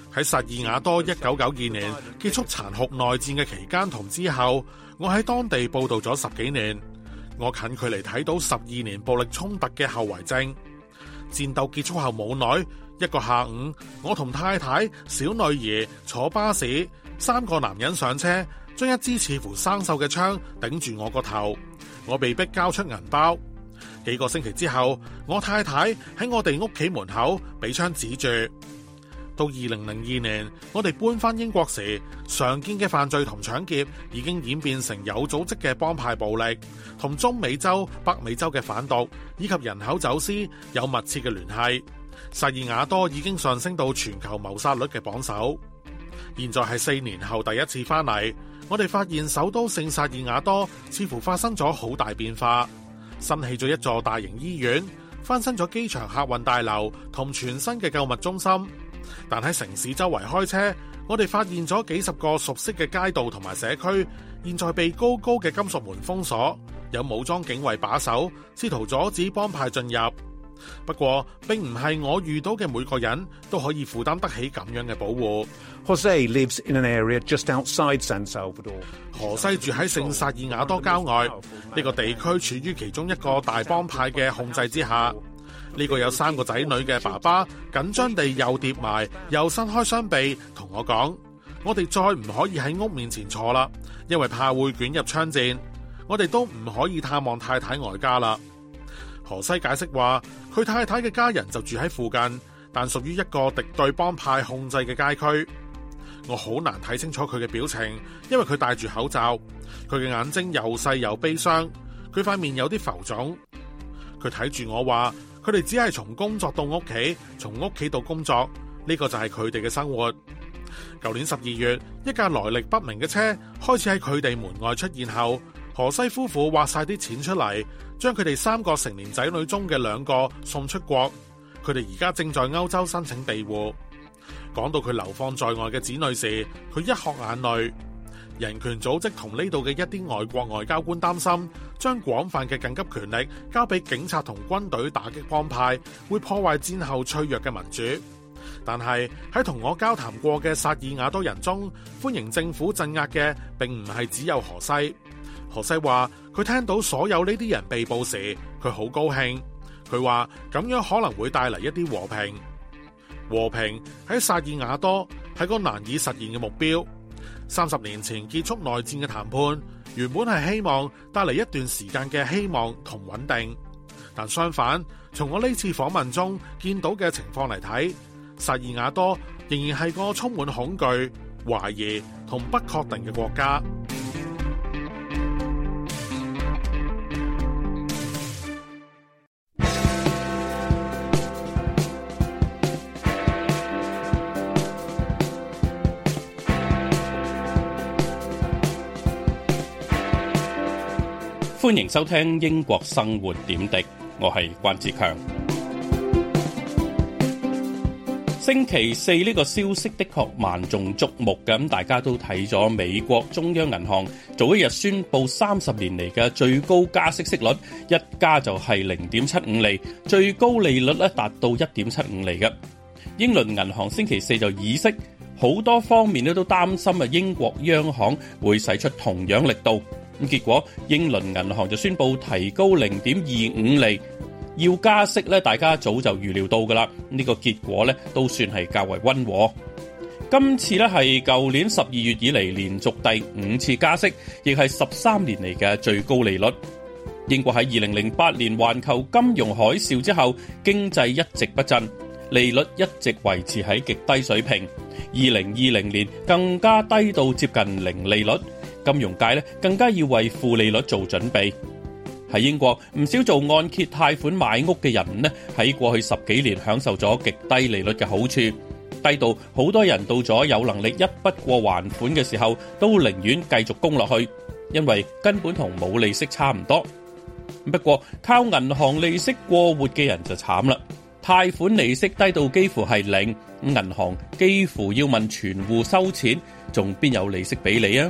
喺薩爾瓦多一九九二年結束殘酷內戰嘅期間同之後，我喺當地報道咗十幾年，我近距離睇到十二年暴力衝突嘅後遺症。戰鬥結束後冇耐，一個下午，我同太太、小女兒坐巴士，三個男人上車，將一支似乎生銹嘅槍頂住我個頭，我被迫交出銀包。幾個星期之後，我太太喺我哋屋企門口俾槍指住。到二零零二年，我哋搬翻英國時，常見嘅犯罪同搶劫已經演變成有組織嘅幫派暴力，同中美洲、北美洲嘅反毒，以及人口走私有密切嘅聯繫。薩爾瓦多已經上升到全球謀殺率嘅榜首。現在係四年後第一次翻嚟，我哋發現首都聖薩爾瓦多似乎發生咗好大變化，新起咗一座大型醫院，翻新咗機場客運大樓同全新嘅購物中心。但喺城市周圍開車，我哋發現咗幾十個熟悉嘅街道同埋社區，現在被高高嘅金屬門封鎖，有武裝警衛把守，試圖阻止幫派進入。不過，並唔係我遇到嘅每個人都可以負擔得起咁樣嘅保護。Jose lives in an area just outside San Salvador. 何西住喺聖薩爾瓦多郊外，呢個地區處於其中一個大幫派嘅控制之下。呢個有三個仔女嘅爸爸緊張地又跌埋又伸開雙臂，同我講：我哋再唔可以喺屋面前坐啦，因為怕會捲入槍戰。我哋都唔可以探望太太外家啦。何西解釋話，佢太太嘅家人就住喺附近，但屬於一個敵對幫派控制嘅街區。我好難睇清楚佢嘅表情，因為佢戴住口罩。佢嘅眼睛又細又悲傷，佢塊面有啲浮腫。佢睇住我話：佢哋只係從工作到屋企，從屋企到工作，呢、這個就係佢哋嘅生活。舊年十二月，一架來歷不明嘅車開始喺佢哋門外出現後，河西夫婦挖晒啲錢出嚟，將佢哋三個成年仔女中嘅兩個送出國。佢哋而家正在歐洲申請庇護。講到佢流放在外嘅子女時，佢一哭眼淚。人權組織同呢度嘅一啲外國外交官擔心，將廣泛嘅緊急權力交俾警察同軍隊打擊幫派，會破壞戰後脆弱嘅民主。但係喺同我交談過嘅薩爾瓦多人中，歡迎政府鎮壓嘅並唔係只有何西。何西話佢聽到所有呢啲人被捕時，佢好高興。佢話咁樣可能會帶嚟一啲和平。和平喺薩爾瓦多係個難以實現嘅目標。三十年前結束內戰嘅談判，原本係希望帶嚟一段時間嘅希望同穩定，但相反，從我呢次訪問中見到嘅情況嚟睇，薩爾瓦多仍然係個充滿恐懼、懷疑同不確定嘅國家。歡迎收聽英國生活點滴，我係關志強。星期四呢個消息的確萬眾矚目，咁大家都睇咗美國中央銀行早一日宣布三十年嚟嘅最高加息息率，一加就係零點七五厘，最高利率咧達到一點七五厘嘅。英倫銀行星期四就議息，好多方面咧都擔心啊，英國央行會使出同樣力度。咁結果，英倫銀行就宣布提高零點二五厘，要加息咧，大家早就預料到㗎喇。呢個結果咧，都算係較為溫和。今次咧係舊年十二月以嚟連續第五次加息，亦係十三年嚟嘅最高利率。英國喺二零零八年環球金融海嘯之後，經濟一直不振，利率一直維持喺極低水平。二零二零年更加低到接近零利率。金融界呢更加要為負利率做準備。喺英國唔少做按揭貸款買屋嘅人呢，喺過去十幾年享受咗極低利率嘅好處，低到好多人到咗有能力一筆過還款嘅時候，都寧願繼續供落去，因為根本同冇利息差唔多。不過靠銀行利息過活嘅人就慘啦，貸款利息低到幾乎係零，銀行幾乎要問存戶收錢，仲邊有利息俾你啊？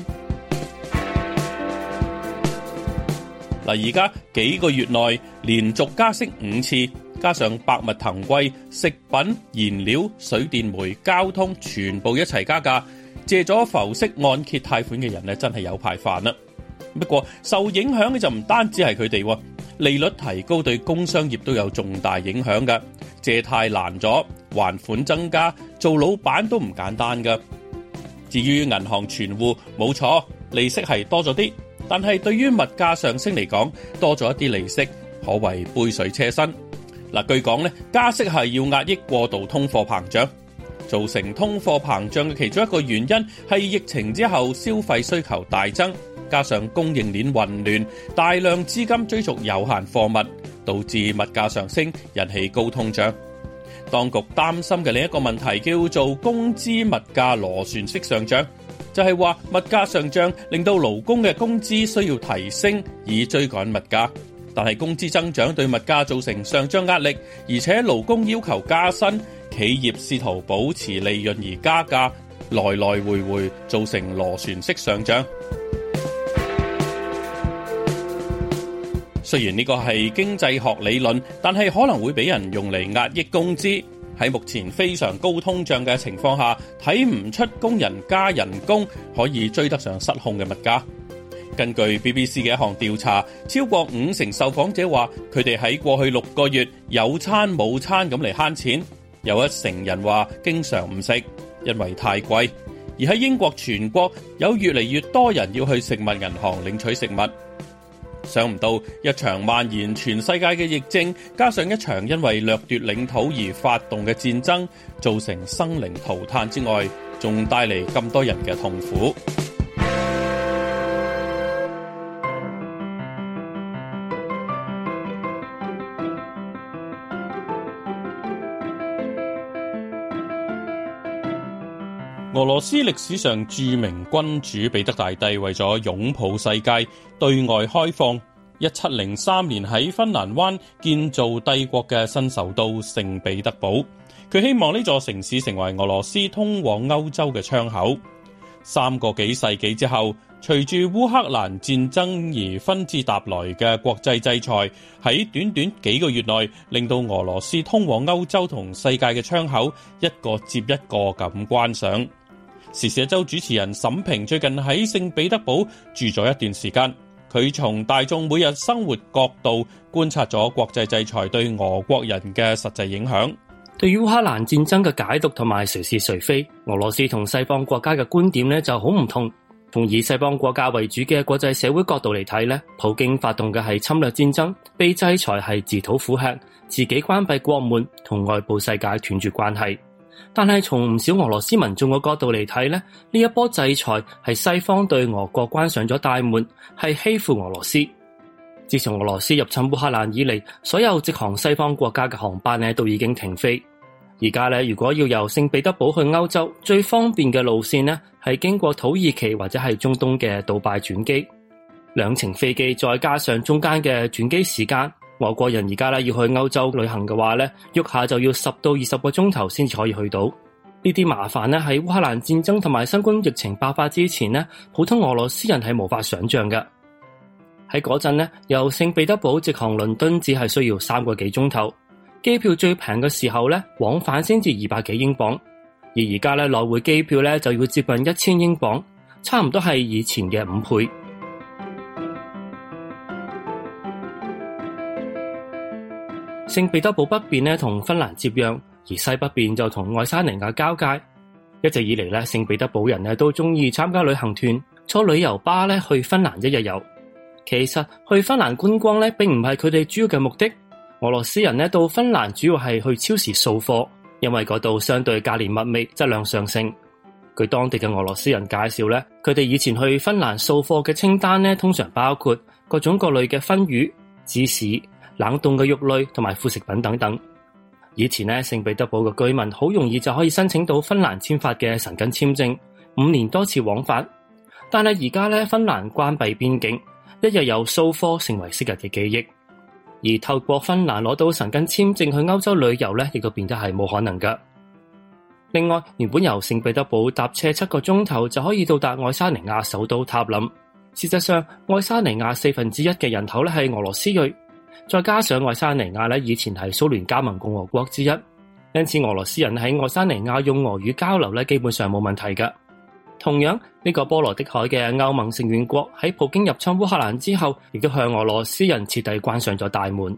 嗱，而家幾個月內連續加息五次，加上百物騰貴、食品、燃料、水電煤、交通，全部一齊加價，借咗浮息按揭貸款嘅人咧，真係有排煩啦。不過受影響嘅就唔單止係佢哋，利率提高對工商業都有重大影響噶，借貸難咗，還款增加，做老闆都唔簡單噶。至於銀行存戶，冇錯，利息係多咗啲。但係，對於物價上升嚟講，多咗一啲利息，可謂杯水車薪。嗱，據講咧，加息係要壓抑過度通貨膨脹。造成通貨膨脹嘅其中一個原因係疫情之後消費需求大增，加上供應鏈混亂，大量資金追逐有限貨物，導致物價上升，引起高通脹。當局擔心嘅另一個問題叫做工資物價螺旋式上漲。就係話物價上漲，令到勞工嘅工資需要提升以追趕物價，但係工資增長對物價造成上漲壓力，而且勞工要求加薪，企業試圖保持利潤而加價，來來回回造成螺旋式上漲。雖然呢個係經濟學理論，但係可能會畀人用嚟壓抑工資。喺目前非常高通脹嘅情況下，睇唔出工人加人工可以追得上失控嘅物價。根據 BBC 嘅一項調查，超過五成受訪者話佢哋喺過去六個月有餐冇餐咁嚟慳錢，有一成人話經常唔食，因為太貴。而喺英國全國有越嚟越多人要去食物銀行領取食物。想唔到，一場蔓延全世界嘅疫症，加上一場因為掠奪領土而發動嘅戰爭，造成生靈塗炭之外，仲帶嚟咁多人嘅痛苦。俄羅斯歷史上著名君主彼得大帝為咗擁抱世界、對外開放，一七零三年喺芬蘭灣建造帝國嘅新首都聖彼得堡。佢希望呢座城市成為俄羅斯通往歐洲嘅窗口。三個幾世紀之後，隨住烏克蘭戰爭而紛至沓來嘅國際制裁，喺短短幾個月內令到俄羅斯通往歐洲同世界嘅窗口一個接一個咁關上。時事一周主持人沈平最近喺聖彼得堡住咗一段時間，佢從大眾每日生活角度觀察咗國際制裁對俄國人嘅實際影響，對於烏克蘭戰爭嘅解讀同埋誰是誰非，俄羅斯同西方國家嘅觀點咧就好唔同。從以西方國家為主嘅國際社會角度嚟睇咧，普京發動嘅係侵略戰爭，被制裁係自討苦吃，自己關閉國門同外部世界斷絕關係。但係從唔少俄羅斯民眾嘅角度嚟睇咧，呢一波制裁係西方對俄國關上咗大門，係欺負俄羅斯。自從俄羅斯入侵烏克蘭以嚟，所有直航西方國家嘅航班咧都已經停飛。而家咧，如果要由聖彼得堡去歐洲，最方便嘅路線咧係經過土耳其或者係中東嘅杜拜轉機，兩程飛機再加上中間嘅轉機時間。俄國人而家咧要去歐洲旅行嘅話咧，喐下就要十到二十個鐘頭先至可以去到。呢啲麻煩咧喺烏克蘭戰爭同埋新冠疫情爆發之前咧，普通俄羅斯人係無法想象嘅。喺嗰陣咧，由聖彼得堡直航倫敦只係需要三個幾鐘頭，機票最平嘅時候咧，往返先至二百幾英鎊，而而家咧來回機票咧就要接近一千英鎊，差唔多係以前嘅五倍。聖彼得堡北邊咧同芬蘭接壤，而西北邊就同愛沙尼亞交界。一直以嚟咧，聖彼得堡人咧都中意參加旅行團，坐旅遊巴咧去芬蘭一日遊。其實去芬蘭觀光咧，並唔係佢哋主要嘅目的。俄羅斯人咧到芬蘭主要係去超市掃貨，因為嗰度相對價廉物美，質量上升。據當地嘅俄羅斯人介紹咧，佢哋以前去芬蘭掃貨嘅清單咧，通常包括各種各類嘅燻魚、芝士。冷凍嘅肉類同埋副食品等等，以前咧聖彼得堡嘅居民好容易就可以申請到芬蘭簽發嘅神根簽證，五年多次往返。但係而家咧芬蘭關閉邊境，一日由蘇科成為昔日嘅記憶。而透過芬蘭攞到神根簽證去歐洲旅遊咧，亦都變得係冇可能噶。另外，原本由聖彼得堡搭車七個鐘頭就可以到達愛沙尼亞首都塔林，事實上愛沙尼亞四分之一嘅人口咧係俄羅斯裔。再加上愛沙尼亞咧，以前係蘇聯加盟共和國之一，因此俄羅斯人喺愛沙尼亞用俄語交流咧，基本上冇問題嘅。同樣呢個波羅的海嘅歐盟成員國喺普京入侵烏克蘭之後，亦都向俄羅斯人徹底關上咗大門。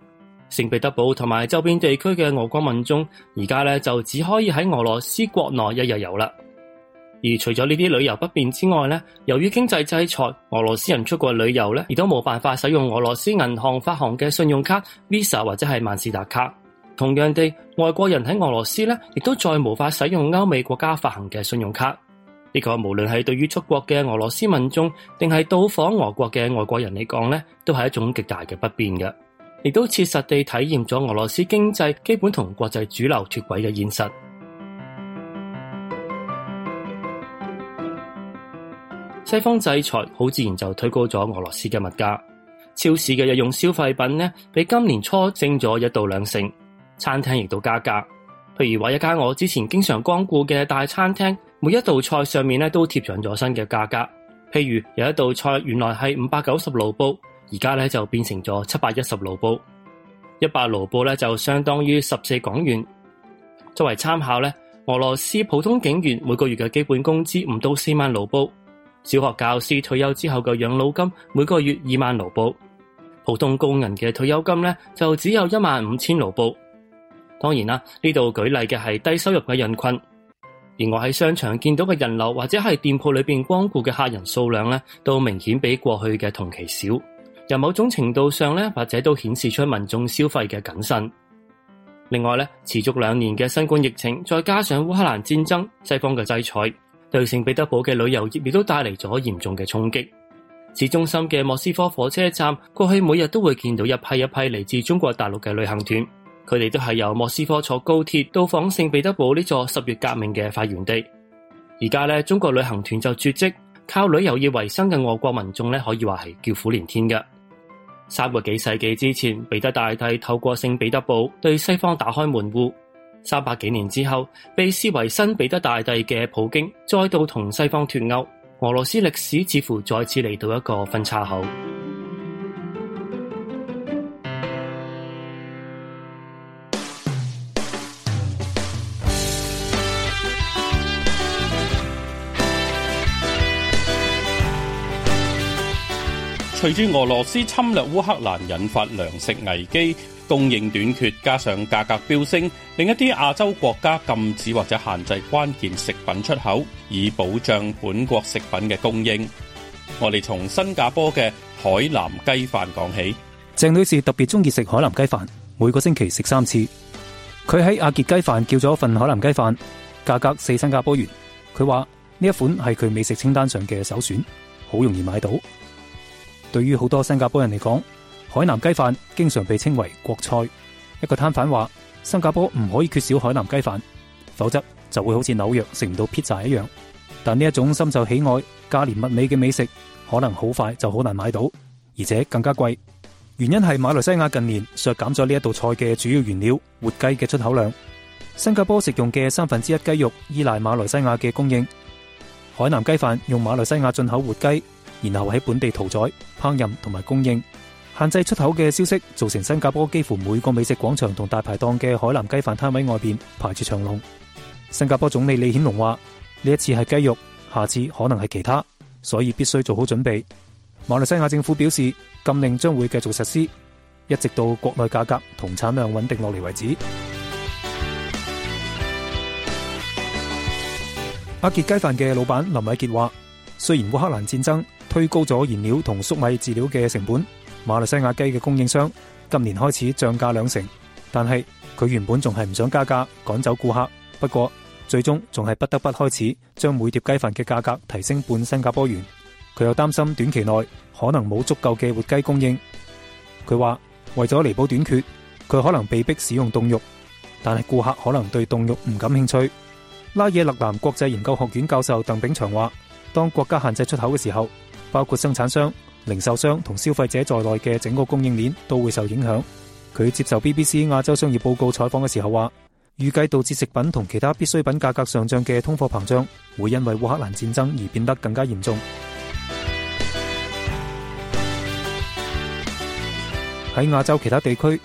聖彼得堡同埋周邊地區嘅俄國民眾，而家咧就只可以喺俄羅斯國內一日遊啦。而除咗呢啲旅遊不便之外咧，由於經濟制裁，俄羅斯人出國旅遊咧，亦都冇辦法使用俄羅斯銀行發行嘅信用卡 Visa 或者係萬事達卡。同樣地，外國人喺俄羅斯咧，亦都再無法使用歐美國家發行嘅信用卡。呢個無論係對於出國嘅俄羅斯民眾定係到訪俄國嘅外國人嚟講咧，都係一種極大嘅不便嘅，亦都切實地體驗咗俄羅斯經濟基本同國際主流脱軌嘅現實。西方制裁好自然就推高咗俄羅斯嘅物價，超市嘅日用消費品呢，比今年初升咗一到兩成。餐廳亦都加價，譬如話一間我之前經常光顧嘅大餐廳，每一道菜上面呢都貼上咗新嘅價格。譬如有一道菜原來係五百九十盧布，而家呢就變成咗七百一十盧布。一百盧布呢就相當於十四港元。作為參考呢，俄羅斯普通警員每個月嘅基本工資唔到四萬盧布。小學教師退休之後嘅養老金每個月二萬盧布，普通工人嘅退休金咧就只有一萬五千盧布。當然啦，呢度舉例嘅係低收入嘅人群。而我喺商場見到嘅人流或者係店鋪裏邊光顧嘅客人數量咧，都明顯比過去嘅同期少。由某種程度上咧，或者都顯示出民眾消費嘅謹慎。另外咧，持續兩年嘅新冠疫情，再加上烏克蘭戰爭、西方嘅制裁。對聖彼得堡嘅旅遊業亦都帶嚟咗嚴重嘅衝擊。市中心嘅莫斯科火車站過去每日都會見到一批一批嚟自中國大陸嘅旅行團，佢哋都係由莫斯科坐高鐵到訪聖彼得堡呢座十月革命嘅發源地。而家咧，中國旅行團就絕跡，靠旅遊業為生嘅俄國民眾咧，可以話係叫苦連天嘅。三個幾世紀之前，彼得大帝透過聖彼得堡對西方打開門戶。三百幾年之後，被視為新彼得大帝嘅普京再度同西方脫鈎，俄羅斯歷史似乎再次嚟到一個分岔口。隨住俄羅斯侵略烏克蘭，引發糧食危機。供應短缺加上價格飆升，令一啲亞洲國家禁止或者限制關鍵食品出口，以保障本國食品嘅供應。我哋從新加坡嘅海南雞飯講起。鄭女士特別中意食海南雞飯，每個星期食三次。佢喺阿杰雞飯叫咗一份海南雞飯，價格四新加坡元。佢話呢一款係佢美食清單上嘅首選，好容易買到。對於好多新加坡人嚟講，海南雞飯經常被稱為國菜。一個攤販話，新加坡唔可以缺少海南雞飯，否則就會好似紐約食唔到 pizza 一樣。但呢一種深受喜愛、價廉物美嘅美食，可能好快就好難買到，而且更加貴。原因係馬來西亞近年削減咗呢一道菜嘅主要原料活雞嘅出口量。新加坡食用嘅三分之一雞肉依賴馬來西亞嘅供應。海南雞飯用馬來西亞進口活雞，然後喺本地屠宰、烹飪同埋供應。限制出口嘅消息造成新加坡幾乎每個美食廣場同大排檔嘅海南雞飯攤位外邊排住長龍。新加坡總理李顯龍話：呢一次係雞肉，下次可能係其他，所以必須做好準備。馬來西亞政府表示禁令將會繼續實施，一直到國內價格同產量穩定落嚟為止。阿杰雞飯嘅老闆林偉杰話：雖然烏克蘭戰爭推高咗燃料同粟米飼料嘅成本。馬來西亞雞嘅供應商今年開始漲價兩成，但係佢原本仲係唔想加價趕走顧客，不過最終仲係不得不開始將每碟雞飯嘅價格提升半新加坡元。佢又擔心短期內可能冇足夠嘅活雞供應。佢話為咗彌補短缺，佢可能被迫使用凍肉，但係顧客可能對凍肉唔感興趣。拉惹勒南國際研究學院教授鄧炳祥話，當國家限制出口嘅時候，包括生產商，零售商同消費者在內嘅整個供應鏈都會受影響。佢接受 BBC 亞洲商業報告採訪嘅時候話，預計導致食品同其他必需品價格上漲嘅通貨膨脹，會因為烏克蘭戰爭而變得更加嚴重。喺亞 洲其他地區，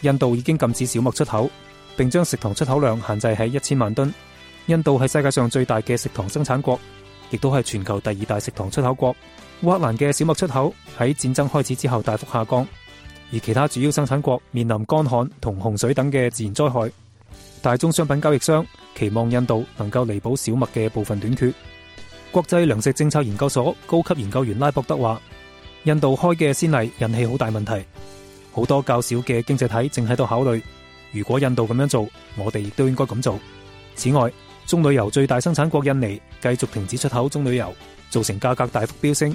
印度已經禁止小麥出口，並將食糖出口量限制喺一千萬噸。印度係世界上最大嘅食糖生產國，亦都係全球第二大食糖出口國。烏克蘭嘅小麥出口喺戰爭開始之後大幅下降，而其他主要生產國面臨乾旱同洪水等嘅自然災害。大宗商品交易商期望印度能夠彌補小麥嘅部分短缺。國際糧食政策研究所高級研究員拉博德話：，印度開嘅先例引起好大問題，好多較小嘅經濟體正喺度考慮，如果印度咁樣做，我哋亦都應該咁做。此外，棕櫚油最大生產國印尼繼續停止出口棕櫚油，造成價格大幅飆升。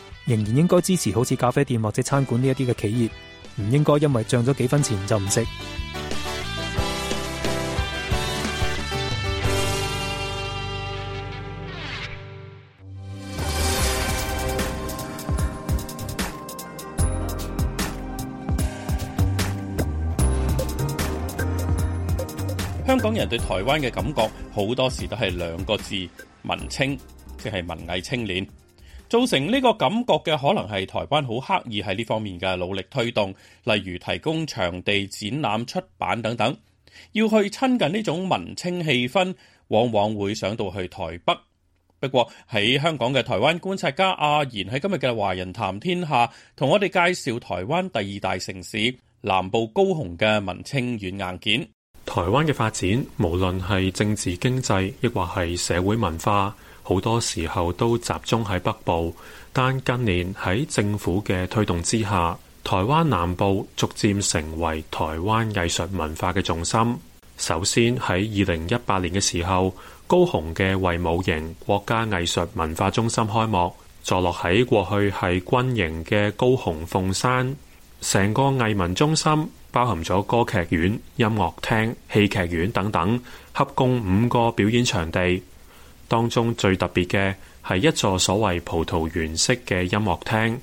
仍然應該支持好似咖啡店或者餐館呢一啲嘅企業，唔應該因為漲咗幾分錢就唔食。香港人對台灣嘅感覺好多時都係兩個字：文青，即係文藝青年。造成呢個感覺嘅可能係台灣好刻意喺呢方面嘅努力推動，例如提供場地、展覽、出版等等，要去親近呢種文青氣氛，往往會想到去台北。不過喺香港嘅台灣觀察家阿然喺今日嘅《華人談天下》同我哋介紹台灣第二大城市南部高雄嘅文青軟硬件。台灣嘅發展，無論係政治、經濟，亦或係社會文化，好多時候都集中喺北部，但近年喺政府嘅推動之下，台灣南部逐漸成為台灣藝術文化嘅重心。首先喺二零一八年嘅時候，高雄嘅衛武營國家藝術文化中心開幕，坐落喺過去係軍營嘅高雄鳳山，成個藝文中心包含咗歌劇院、音樂廳、戲劇院等等，合共五個表演場地。當中最特別嘅係一座所謂葡萄園式嘅音樂廳，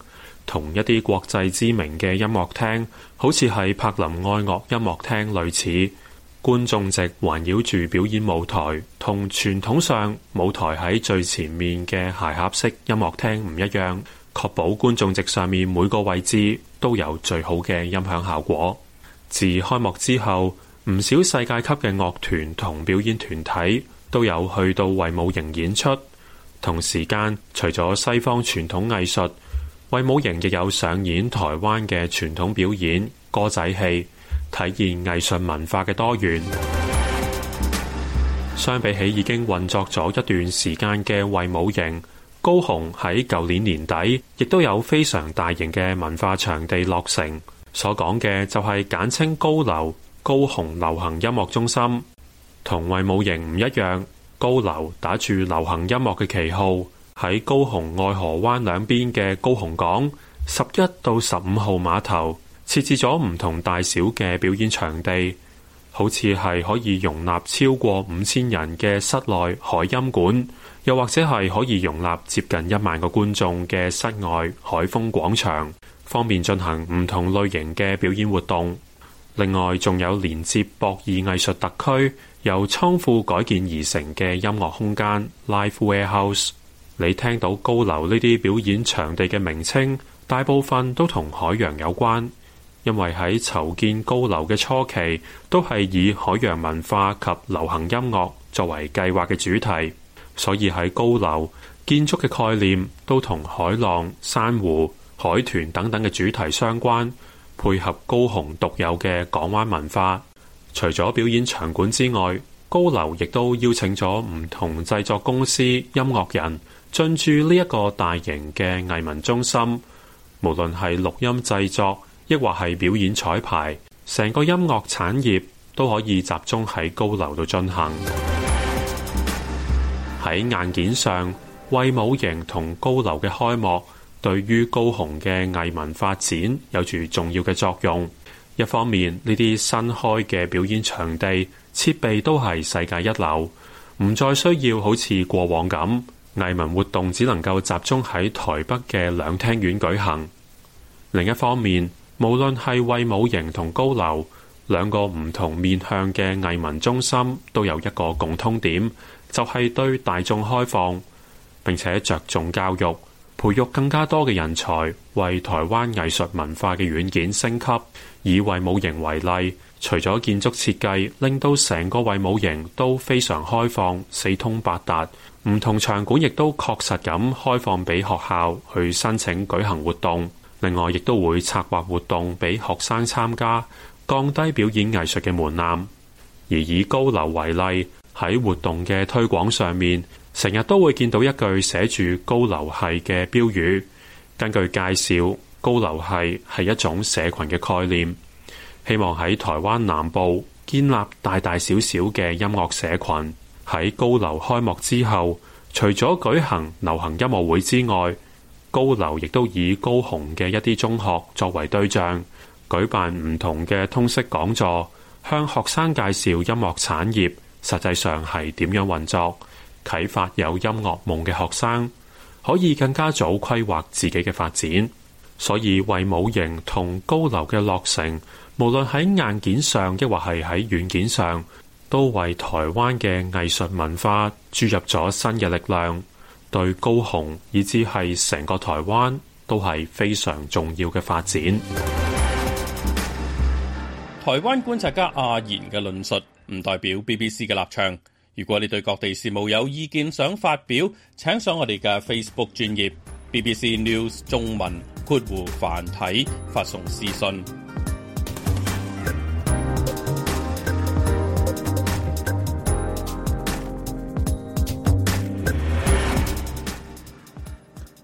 同一啲國際知名嘅音樂廳，好似係柏林愛樂音樂廳類似。觀眾席環繞住表演舞台，同傳統上舞台喺最前面嘅鞋盒式音樂廳唔一樣，確保觀眾席上面每個位置都有最好嘅音響效果。自開幕之後，唔少世界級嘅樂團同表演團體，都有去到衛武營演出，同時間除咗西方傳統藝術，衛武營亦有上演台灣嘅傳統表演歌仔戲，體現藝術文化嘅多元。 相比起已經運作咗一段時間嘅衛武營，高雄喺舊年年底亦都有非常大型嘅文化場地落成，所講嘅就係簡稱高流，高雄流行音樂中心。同衛武營唔一樣，高樓打住流行音樂嘅旗號，喺高雄愛河灣兩邊嘅高雄港十一到十五號碼頭設置咗唔同大小嘅表演場地，好似係可以容納超過五千人嘅室內海音館，又或者係可以容納接近一萬個觀眾嘅室外海風廣場，方便進行唔同類型嘅表演活動。另外，仲有連接博爾藝術特區。由倉庫改建而成嘅音樂空間 Live Warehouse，你聽到高樓呢啲表演場地嘅名稱，大部分都同海洋有關，因為喺籌建高樓嘅初期，都係以海洋文化及流行音樂作為計劃嘅主題，所以喺高樓建築嘅概念都同海浪、珊瑚、海豚等等嘅主題相關，配合高雄獨有嘅港灣文化。除咗表演場館之外，高樓亦都邀請咗唔同製作公司、音樂人進駐呢一個大型嘅藝文中心。無論係錄音製作，亦或係表演彩排，成個音樂產業都可以集中喺高樓度進行。喺硬件上，衛武營同高樓嘅開幕，對於高雄嘅藝文發展有住重要嘅作用。一方面，呢啲新開嘅表演場地設備都係世界一流，唔再需要好似過往咁藝文活動只能夠集中喺台北嘅兩廳院舉行。另一方面，無論係衛武營同高樓兩個唔同面向嘅藝文中心，都有一個共通點，就係對大眾開放並且着重教育。培育更加多嘅人才，為台灣藝術文化嘅軟件升級，以衛武營為例，除咗建築設計令到成個衛武營都非常開放，四通八達，唔同場館亦都確實咁開放俾學校去申請舉行活動，另外，亦都會策劃活動俾學生參加，降低表演藝術嘅門檻，而以高樓為例，喺活動嘅推廣上面。成日都會見到一句寫住高流系嘅標語。根據介紹，高流系係一種社群嘅概念，希望喺台灣南部建立大大小小嘅音樂社群。喺高流開幕之後，除咗舉行流行音樂會之外，高流亦都以高雄嘅一啲中學作為對象，舉辦唔同嘅通識講座，向學生介紹音樂產業，實際上係點樣運作。啟發有音樂夢嘅學生，可以更加早規劃自己嘅發展。所以，為舞型同高樓嘅落成，無論喺硬件上，亦或係喺軟件上，都為台灣嘅藝術文化注入咗新嘅力量。對高雄以至係成個台灣，都係非常重要嘅發展。台灣觀察家阿言嘅論述唔代表 BBC 嘅立場。如果你對各地事務有意見想發表，請上我哋嘅 Facebook 專頁 BBC News 中文，括弧繁體，發送私信。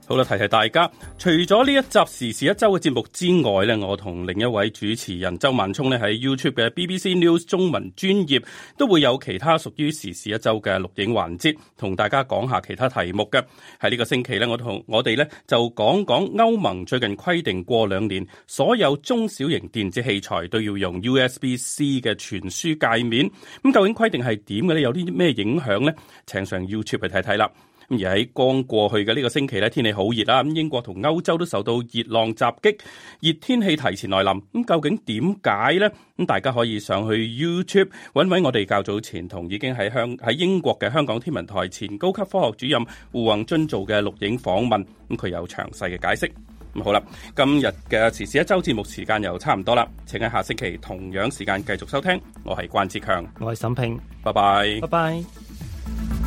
好啦，提提大家。除咗呢一集時事一周嘅節目之外咧，我同另一位主持人周萬聰咧喺 YouTube 嘅 BBC News 中文專頁都會有其他屬於時事一周嘅錄影環節，同大家講下其他題目嘅。喺呢個星期咧，我同我哋咧就講講歐盟最近規定過兩年，所有中小型電子器材都要用 USB-C 嘅傳輸界面。咁究竟規定係點嘅咧？有啲咩影響咧？請上 YouTube 去睇睇啦。而喺剛過去嘅呢個星期咧，天氣好熱啦。咁英國同歐洲都受到熱浪襲擊，熱天氣提前來臨。咁究竟點解呢？咁大家可以上去 YouTube 搵搵我哋較早前同已經喺香喺英國嘅香港天文台前高級科學主任胡宏俊做嘅錄影訪問。咁佢有詳細嘅解釋。咁好啦，今日嘅時事一周節目時間又差唔多啦，請喺下星期同樣時間繼續收聽。我係關志強，我係沈平，拜拜，拜拜。